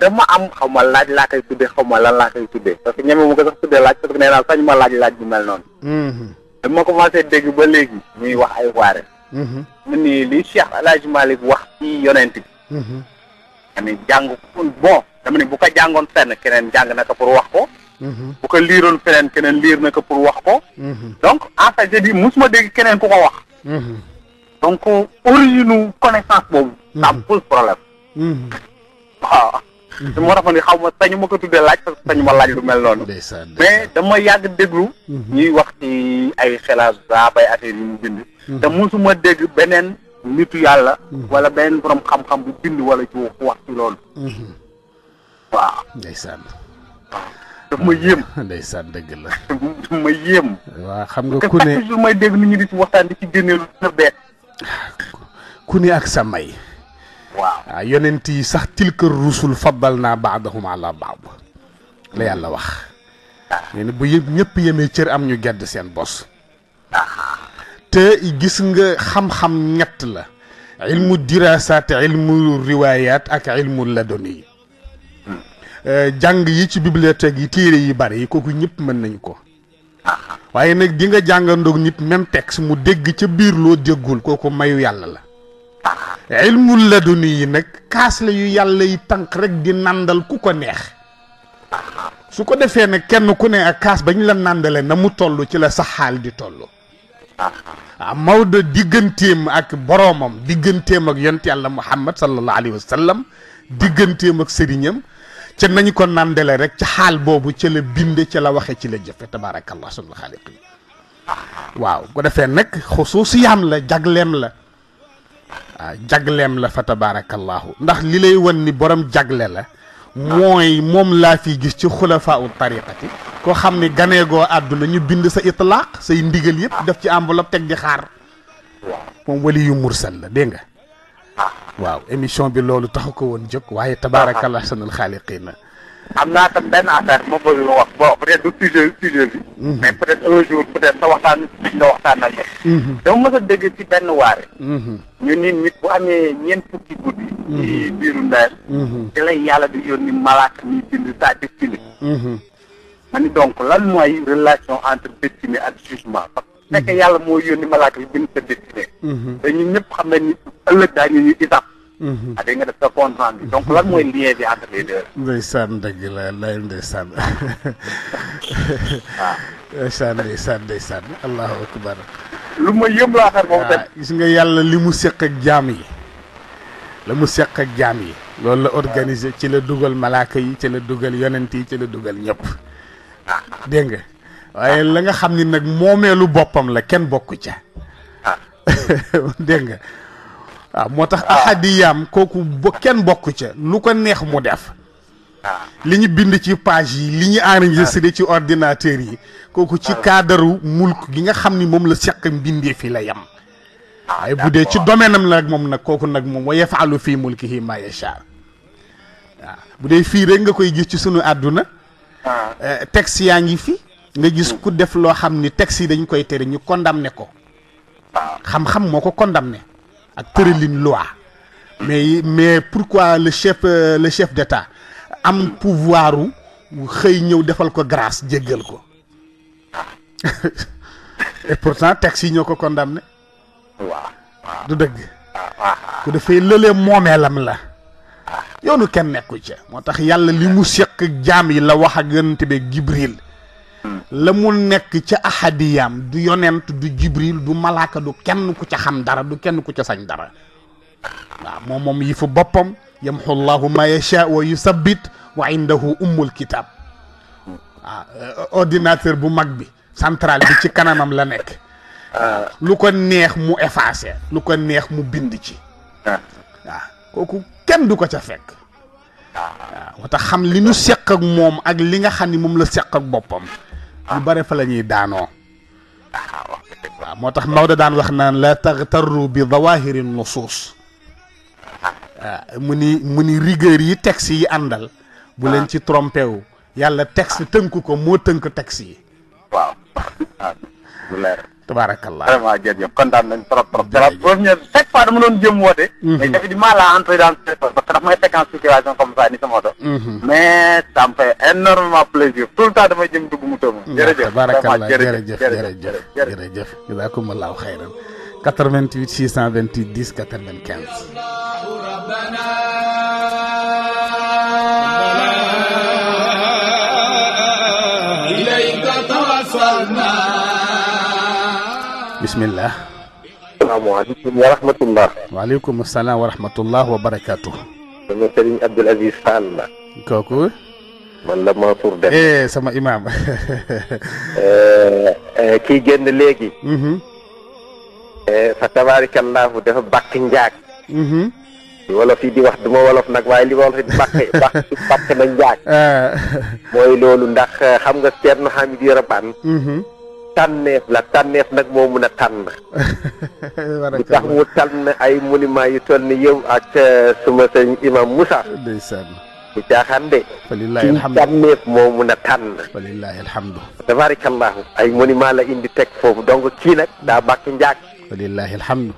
dama am xaw ma laaj laa koy tuddee xaw ma lan laa koy tuddee parce que ñeme mu ko sax tuddee laaj parce que sañ ma laaj laaj bu mel noonu. dama mm-hmm. commencé dégg ba léegi muy wax ay waare. Mm-hmm. mu ni li Cheikh El Hadj Malick wax ci yonent bi. Mm-hmm. ma ni jàng kon bon dama ni bu ko jàngoon fenn keneen jàng na ko pour wax ko. bu ko liiroon feneen keneen liir na ko pour wax ko. donc en fait je musuma dégg keneen ku ko wax. donc origine connaissance boobu. ça me pose te moo tax ni xaw ma sañu ma ko tuddee laaj parce sañu ma laaj lu mel noonu. mais dama yàgg déglu. Mhm. ñuy wax ci ay xelaas daa bay affaire yu mu bind. Mhm. te musuma dégg beneen nitu yàlla. Mhm. wala beneen borom xam-xam bu bind wala ci wax ci loolu. waaw. ndeysaan. waaw daf ma yéem. ndeysaan la. daf ma xam nga ku ne dégg di ci waxtaan di ci génneelu dina beet. ku ne ak sa may. waaw waaw ah, yonent yi sax tilka rusul fabal naa baadahum ala baad la yàlla wax ah. nee na bu yëpp ñëpp yemee cër am ñu gedd seen bos ah. te gis nga xam-xam ñett la ilmu dirasat ilmu riwayat ak ilmu ladoni hmm. eh, jàng yi ci bibliothèque yi téere yi bari yi kooku ñëpp mën nañu ko waaye nag di nga jàngandoog nit même texte mu dégg ca biir loo déggul kooku mayu yàlla la ilmul laduni yi nag kaas la yu yàlla yi tànk rek di nàndal ku ko neex su ko defee nag kenn ku ne ak kaas bañ la nàndale na mu toll ci la sa xaal di toll waaw ah, Maodo digganteem ak boroomam digganteem ak yont yàlla Muhammad sallallahu alayhi wa sallam digganteem ak sëriñam ca nañ ko nàndale rek ci xaal boobu ca la binde ca la waxe ci la jëfe tabaarakallah sunu xaaliqin waaw ko defee nag xusuusiyaam la jagleem la jaglem la fa tabaarakallaahu ndax li lay wan ni borom jagle la moy mom la fi gis ci xulafaa u tariqati ko xamni ganego aduna ñu bind sa itlaq say ndigal yep def ci enveloppe tek di xaar mom waliyu mursal la de nga waaw émission bi lolu taxu won woon waye waaye tabaarakallah khaliqina am naa tam benn affaire moom bëgg wax bon peut être du sujet sujet bi. Mhm. mais peut être un jour peut être sa waxtaan nga waxtaan ak moom. dama mës a dégg ci benn waare. Mhm. ñu ni nit bu amee ñeent fukki guddi. ci mhm. biiru ndeyam. ci lay yàlla di yónni malaaka mi bind sa destinée. ma ni donc lan mooy relation entre destinée ak jugement parce que bu fekkee yàlla moo yónni malaaka bi bind sa destinée. te ñun ñëpp xam nañ ni ëllëg daañu ñu isap. Mm-hmm. ah nga def sa compte rendu donc lan mooy lien bi entre les deux. ndeysaan dëgg la ah. allahu akbar. lu ma yëm laa xar moom tamit. Ah, gis nga yàlla li mu seq ak jaam yi. la mu seq ak jaam yi. loolu la organise ci la dugal malaaka yi ci la dugal yonent yi ci la dugal ñëpp. Ah. dégg nga waaye la nga xam ni nag moomeelu boppam la kenn bokk ca. dégg nga. waaw ah, moo tax ah. ahadiyaam kooku kenn bokk ca lu ko neex mu def ah. li ñu bind ci page yi li ñu de ci ordinateur yi kooku ci kaadaru mulk gi nga xam ni moom la seq mbindee fi la yem bu dee ci domaine am la rek moom nag kooku nag moom wa yafalu fii mulkihi ma yasha waaw bu dee fii rek nga koy gis ci suñu àdduna eh, texte yaa ngi fi nga gis hmm. ku def loo xam ni texte yi dañ koy tere ñu condamné ko xam-xam moo ko condamné ak tëralin loi mais mais pourquoi le chef euh, le chef d'État am pouvoir ou xëy ñëw defal ko grâce jéggal ko et pourtant taxi ñoo ko condamné. waaw du dëgg. ku dafay lëlee moomeelam la. yoonu kenn nekku ca moo tax yàlla li mu seq ak jaam yi la wax ak yonent la mu nekk ca ahadiyaam du yonent du jibril du malaaka du kenn ku ca xam dara du kenn ku ca sañ dara waaw moom moom yi fu boppam yamxu llahu ma yasha wa yusabbit wa indahu ummul kitab waaw ordinateur bu mag bi central bi ci kanamam la nekk ah. lu ko neex mu effacé lu ko neex mu bind ci ah. waaw kooku kenn du ko ca fekk ah. waaw moo tax xam li ñu seq ak moom ak li nga xam ni moom la seq ak boppam lu bare fa la ñuy daanoo moo tax Maodo daan wax naan la taxtarru bi dawahiri nusuus waaw mu ni mu ni rigueur yi texte yi àndal bu leen ci trompé wu yàlla texte tënku ko moo tënk texte yi tabarakallah vraiment jërëjëf kontaan nañ trop trop trop première chaque fois dama doon jëm woote mhm. mais j'ai du mal à entrer dans cette parce que daf may fekk en situation comme ça ni sama oto mhm. mais ça me fait énormément plaisir tout le temps damay jëm dugg mu tëma mhm. jërëjëf tabarakallah jërëjëf jërëjëf jërëjëf jazakumullahu xayran 88 628 10 95 Now. bismillah salaamaaleykum wa rahmatullah waaleykum salaam wa rahmatullah wa barakaatu sama sëriñ Abdul Aziz Fall la kooku man la Mansour Deme eh sama imaam eh, eh, kii génn léegi mhm. eh, fa tabaarakallaahu dafa bàkk njaag mhm. wolof yi di wax duma wolof nag waaye li wolof yi di bàkk bàkk bàkk na njaag ah. mooy loolu ndax xam nga Ceerno Hamidou Yero Bane mhm. tànneef la tànneef nag moo mun a tànn lu mu tànn ay monument yu toll ni yow ak eh, suma sëñ imam Moussa ndeysaan du caaxaan de ci tànneef moo mun a tànn walillahi alhamdu tabarakallahu ay monument la indi teg foofu donc kii nag daa bàkk njaag walillahi alhamdu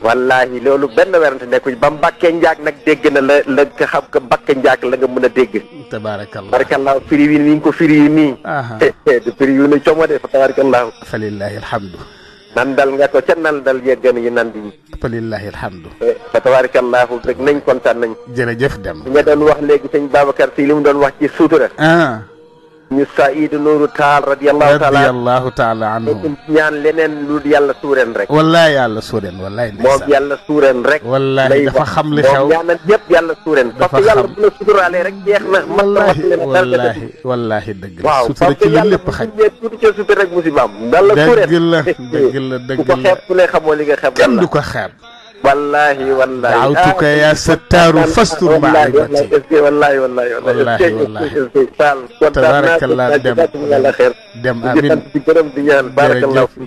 wallahi loolu benn werante nekkuñ ba mbàkkee njaag nag dégg na la la nga xam ko mbàkkee njaag la nga mën a dégg tabarakallah tabarakallah firi wi ni nga ko firi yi nii du firi yu ni como de fa tabarakallah fa lillahi alhamdu nandal nga ko ca nandal yeggan yi nandi ñi eh, fa lillahi alhamdu fa tabarakallahu rek nañ kontaan nañ jërëjëf dem li nga doon wax léegi sëñ Babacar si li mu doon wax ci suutura ah. ñu saïd nouru taal radiyallahu taala radiyallahu taala anhu ñaan leneen lu yàlla suureen rek wallahi yàlla suureen wallahi moom yàlla suureen rek wallahi dafa xam li xew ñaanal yëpp yàlla suureen parce que yàlla bu la suturaalee rek jeex na wallahi wallahi wallahi dëgg la sutura ci li lépp xaj tuuti ci sutura rek musibaam yàlla suureen dëgg la dëgg la dëgg la ku ko xeeb ku ne xamoo li nga xeeb kenn du ko xeeb wallahi wallahi daawtuka ya sattaaru fastur ma aybati wallahi wallahi wallahi wallahi sal tabarakallah dem dem amin jërëjëf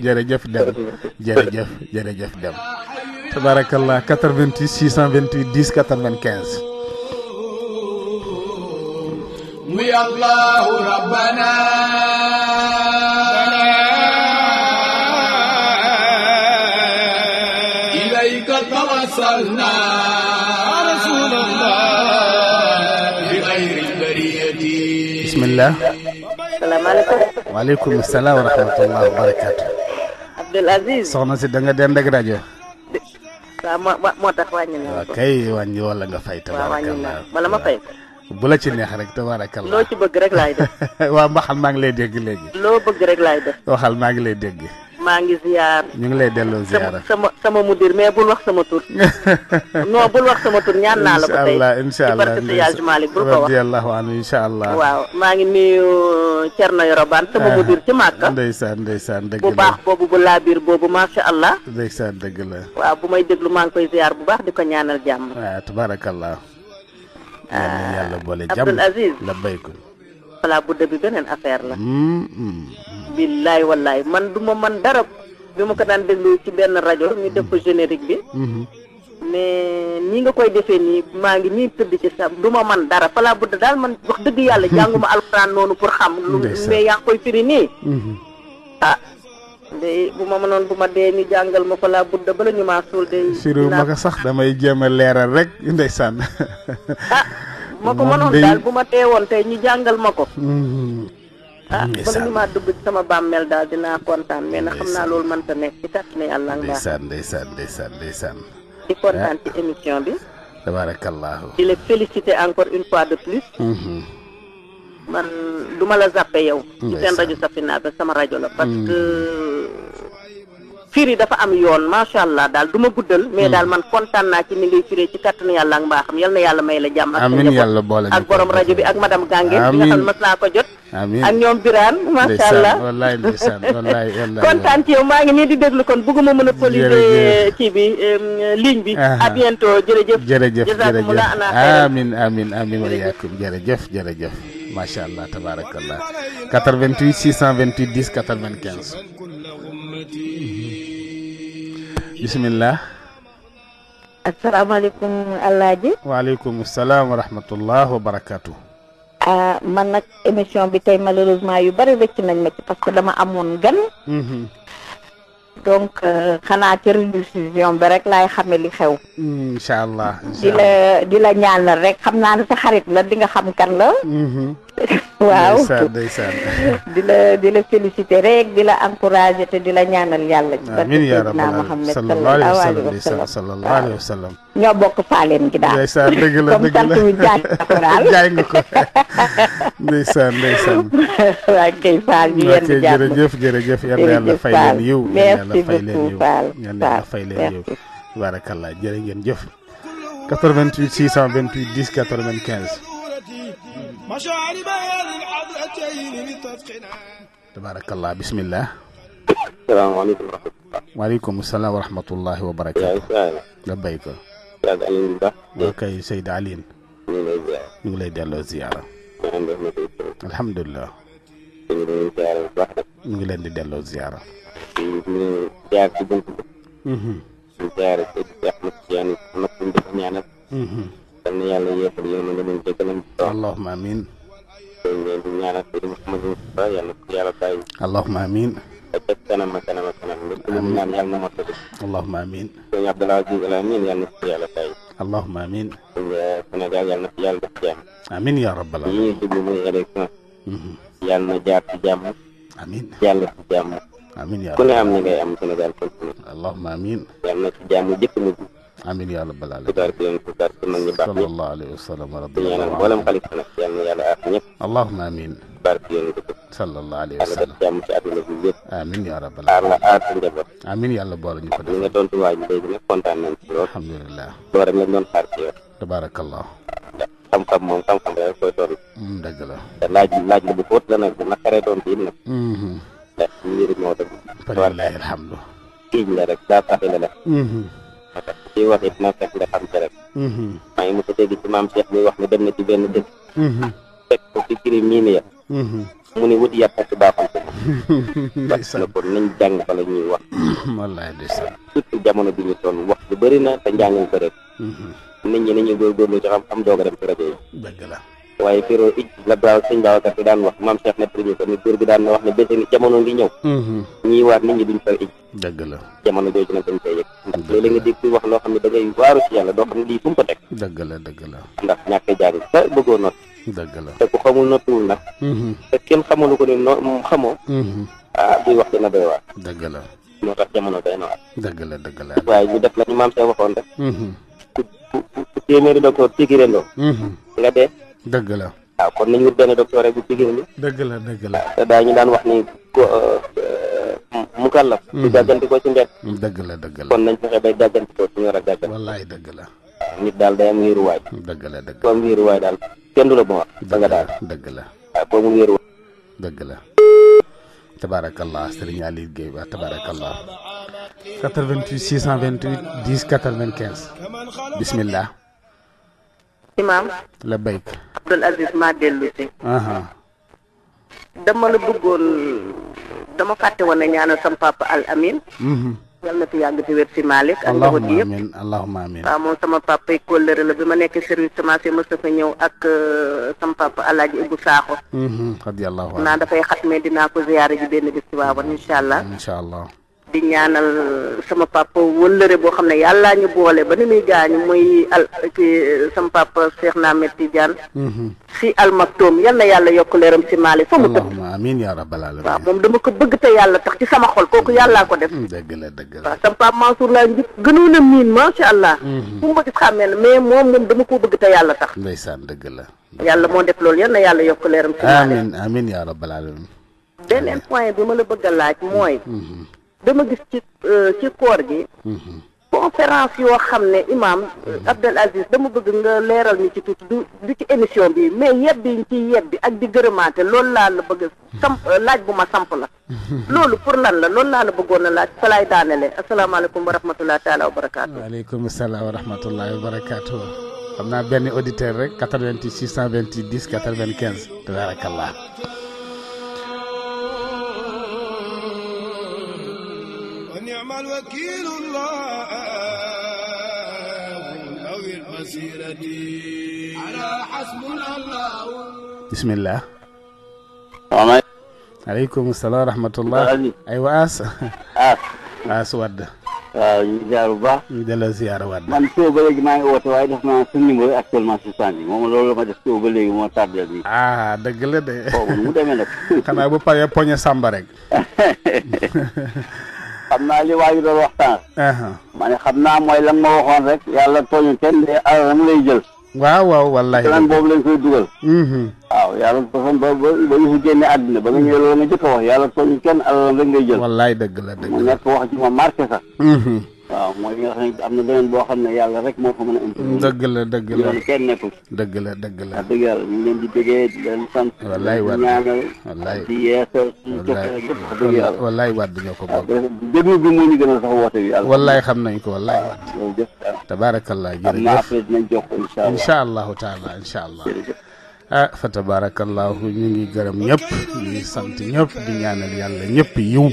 jërëjëf dem jërëjëf jërëjëf dem tabarakallah 88 628 10 95 muy allahu rabbana وصلنا رسول الله بغير البرية بسم الله السلام عليكم وعليكم السلام ورحمة الله وبركاته Abdul Aziz soxna si da nga dend ak rajo. waaw moo moo tax wàññi na. waaw kay wàññi wala nga fay. tabaarakallah wala ma fay. bu la ci neex rek tabaarakallah. loo ci bëgg rek laay def. waaw waxal maa ngi lay dégg léegi. loo bëgg rek laay def. waxal maa ngi lay dégg. maa ngi ziar. ñu ngi lay delloo ziar sama sama mudir mais bul wax sama tur. non bul wax sama tur ñaan naa la ko tey. incha allah incha allah ci barke Malick bul ko wax. radiyallahu anhu incha allah. waaw maa ngi nuyu Thierno Yoroban sama ah, mudir ci Màkka. ndeysaan ndeysaan dëgg la bu baax boobu bu laabiir boobu macha allah. ndeysaan dëgg la. waaw bu may déglu maa ngi koy ziar bu baax di ko ñaanal jàmm. waaw ah, tabarakallah. Ah, yàlla boole jàmm Abdoul Aziz la bay ko. Pala bu debi benen affaire la hmm, hmm. billahi wallahi man duma man dara bi ko dan deglu ci ben radio ñu def ko générique bi hmm, mais ni nga koy defé ni ma ngi ni tëdd ci sa duma man dara bu de dal man wax deug yalla janguma alxuraan nonu pour xam me ya koy firi ni ah day bu ma manon bu ma dee ñu jàngal ma ko laa budda bala ñu maa suul day siru ma ko sax damay jema leral rek ndeysaan ah ma ko mënoon daal bu ma teewoon tey ñu jàngal ma ko. Mm-hmm. ah bala ñu maa dugg sama bàmmeel daal dinaa kontaan mais nag xam naa loolu mënta nekk ci kàttan yàlla ak mbaax. ndeysaan ndeysaan ndeysaan ndeysaan. di kontaan ci émission bi. tabaarakallaahu. di la féliciter encore une fois de plus. Mm-hmm. man du ma la zappe yow. ci seen rajo Safina ba sama rajo la parce que. Mm-hmm. firi dafa am yoon macha allah daal du ma guddal. mais hmm. daal man kontaan naa ci ni ngay firee ci kàttanu yàlla ak mbaaxam yal na yàlla may la jàmm. amiin boole ak borom rajo bi ak madame Gange. amiin bi nga xam mas naa ko jot. amiin ak ñoom Birane macha allah wallaay ndeysaan wallaay wallaay kontaan ci yow maa ngi nii di déglu kon bëgguma mën a poliser kii bi ligne bi. à bientôt jërëjëf. jërëjëf jërëjëf amiin amiin amiin wa yaakum jërëjëf jërëjëf macha allah tabaarakallah 88 628 10 95 bisimilah. asalaamaaleykum Alaaji. waaleykum salaam wa rahmatullah wa barakaatu. ah man nag émission bi tey malheureusement yu bari rëcc nañ ma ci parce que dama amoon gan. Mhm. donc euh, xanaa ci révision bi rek laay xame li xew. incha allah di la di rek xam naa ne sa la di xam kan la. Mhm. waaw dila dila di rek dila encourager te dila ñaanal yàlla ci barke ya Seydina Mohamed sallallahu alayhi wa sallam sallallahu alayhi wa sallam ñoo bokk faaleen gi daal ndeysaan dëgg la dëgg la comme sant jaay daal jaay nga ko ndeysaan ndeysaan waa kay faal ñu yenn jaay jërëjëf jërëjëf yàlla yàlla fay leen yiw yàlla fay leen yiw yàlla yàlla fay leen yow barakallah jërë ngeen jëf 88 628 10 95 مشارب هذه الحضرتين بطفقنا تبارك الله بسم الله السلام عليكم ورحمة الله وعليكم السلام ورحمة الله وبركاته لبيك سيد علي اوكي سيد علي من لي ديالو زيارة الحمد لله من لي ديالو زيارة زيارة بنتي زيارة احمد يعني يعني Allah yàlla yeesal yéen mën nga leen jégal leen allahumma amin dañ leen di ñaanal sëriñ Mouhamadou Moustapha yàlla ko yàlla bàyyi allahumma amin da ca kanam a kanam a kanam lépp lu ñaan yàlla na mottali allahumma amin sëriñ Abdoulaye Aziz Al Amine yàlla na ko yàlla bàyyi allahumma amin Sénégal yàlla na ko yàlla def jàmm amin ya rabbal alamin ñuy dugg muy élection yàlla na jaar ci jàmm amin yàlla ci jàmm amin ya rabbal ku ne am na ngay am Sénégal continue allahumma amin yàlla na ci jàmm jëkk mujj amiin yàlla balaale. sallallahu alayhi wa sallam radiyallahu anhu mboolem xalifa nag yal na yàlla aar ñëpp. allahumma amiin. sallallahu alayhi wa sallam. amiin yaa rabbal aalamiin. amiin yàlla boole ñu ko def. nga doon tuwaay bi léegi nag kontaan nañ ci lool. alhamdulilah. loolu rek lañ doon xaar ci yow. tabaarakallah. xam-xam moom xam-xam rek koy doon. dëgg la. te laaj laaj la bu fóot la nag bu naqaree doon ci nag. ndax mbir moo dëgg. wallaahi alhamdu. géej la rek daa fàtte la rek. Mm-hmm. tax ku ciy wax it na fekk nga xam ca rek mhm. maa ngi mos wax ne dem na ci benn dëkk mhm. fekk ko fi firi miin ya mhm. mu ne wuti yàpp ak baaxante parce que kon nañ jàng fa la ñuy wax wallaay ndeysaan surtout jamono bi ñu toll wax lu bëri na te njàngul ko rek nit ñi nañu góorgóorlu ci xam am doog a dem ci rajo yi waaye firo ij la baaw baa Babacar bi daan wax maam Cheikh ne premier ko ni góor gi daan na wax ne bés ni jamono ngi ñëw mm-hmm. ñii waat nit ñi duñ fa ij dëgg la jamono jooju nag dañ koy yëg wax loo xam ne da ngay waaru ci yàlla lii fu mu ko teg dëgg la dëgg la ndax ñàkk jàng sa bëggoo not dëgg la te ku xamul nottuwul nag mm-hmm. te kenn xamalu ko ne no xamoo mm-hmm. ah buy wax dina doy waar dëgg la moo tax jamono day na waar dëgg la dëgg la waaye ñu def la ñu maam Cheikh waxoon rek ku ku téeméeri docteur tigiréndoo nga dee dëgg la. waaw kon nañu wut benn docteur bu ci génn. dëgg la dëgg la. te daal ñu daan wax ni ko euh, euh, mu kàllaf. Mhm. di jàgganti ko mm, dëgg la dëgg la nañ fexe bay jàgganti ko ci ñor ak jàgganti. wallaay dëgg la. nit daal day am wéeruwaay. Mm, dëgg la dëgg la ku am wéeruwaay daal kenn du la bon. da nga daal dëgg la. waaw ku amul wéeruwaay. dëgg la. tabaarakallah sëriñ Aliou Guèye ba tabaarakallah 88 628 10 95 bismillah. imaam. la bayk. Abdoul Aziz maa dama la bëggoon dama fàtte woon ne ñaanal sama papa Al Amin mhm. yàlla na fi yàgg ci wér si Malick ak njaboot gi yëpp allahumma moom sama papa yi la bi ma nekk service semence mës na ñëw ak euh, sama papa alaaji Ibou Sakho mhm, radiyallahu anhu naa dafay xat mais dina ko ziyaare ji benn bis ci waawan incha allah di ñaanal sama papa wëllëre boo xam ne yàllaa ñu boole ba ni muy gaañu muy al ci sama papa Cheikh Ahmed Tidiane mhm. si almaktoom yal na yàlla yokk leeram si maali fa mu tëdd amiin yaa rabbal alamin waaw moom dama ko bëgg te yàlla tax ci sama xol kooku yàllaa ko def mm, dëgg la dëgg la waaw sama papa Mansour laa njëkk gënoon a miin macha allah mhm. fu mu ma gis xàmmee na mais moom moom dama koo bëgg te yàlla tax ndeysaan dëgg la yàlla moo def loolu yal na yàlla yokk leeram si dama gis ci euh, ci koor gi mhm. conférence yoo xam ne imaam mhm. Abdel Aziz dama bëgg nga leeral ni ci tuuti du du ci émission bi mais yebbi ñu ci yebbi ak di gërëmaate loolu laa la bëgg samp mhm. laaj bu ma samp la loolu pour lan la loolu laa la bëggoon a laaj fa laay daanele asalaamaaleykum wa rahmatulah taalaa wa barakaatu waaleykum salaam wa rahmatulah wa barakaatu xam naa benn auditeur rek 88 628 10 95 tabarakallah نعم الوكيل الله أو المسيرة as as as wadda waaw ñu ziar bu baax ñu delloo ziar wadda man soo ba léegi maa ngi woote waaye def ah dëgg la de mu demee nag xam naa li waa ji doon waxtaan. ma ne xam naa mooy lan ma waxoon rek yàlla tooñu kenn de alalam lay jël. waaw waaw wallaahi lan boobu lañ koy dugal. Mhm. waaw yàlla tooñu ba ba ba ñu fi génne àddina ba nga ñëw loolu nga jëkk a wax yàlla tooñu kenn alalam rek ngay jël. wallaay dëgg la dëgg la mu nekk wax ji ma marqué sax. Mhm. waaw mooy li nga xam ne na beneen boo xam ne yàlla rek moo fa dëgg la dëgg la dëgg yàlla ñu dëgg yàlla wallaay waat di nga ko bokk. déglu bi ñu xam nañ ko wallaay waat. jërëjëf tabaarakallah jërëjëf am na après dinañ jox ko incha allah incha allahu taala incha ah fa tabaarakallahu ñu ngi gërëm ñëpp ñu sant ñëpp di ñaanal yàlla ñëpp yiw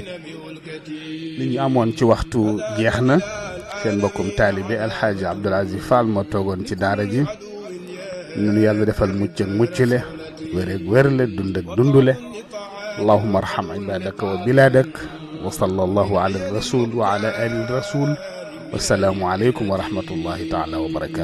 ni ñu amoon ci waxtu jeex na seen mbokkum taalibe alxaaji abdul aziz fall moo toogoon ci daara ji ñu yàlla defal mucc ak muccule wér ak wérle dund ak dundule اللهم ارحم عبادك وبلادك وصلى الله على الرسول وعلى ال الرسول والسلام عليكم ورحمه الله تعالى وبركاته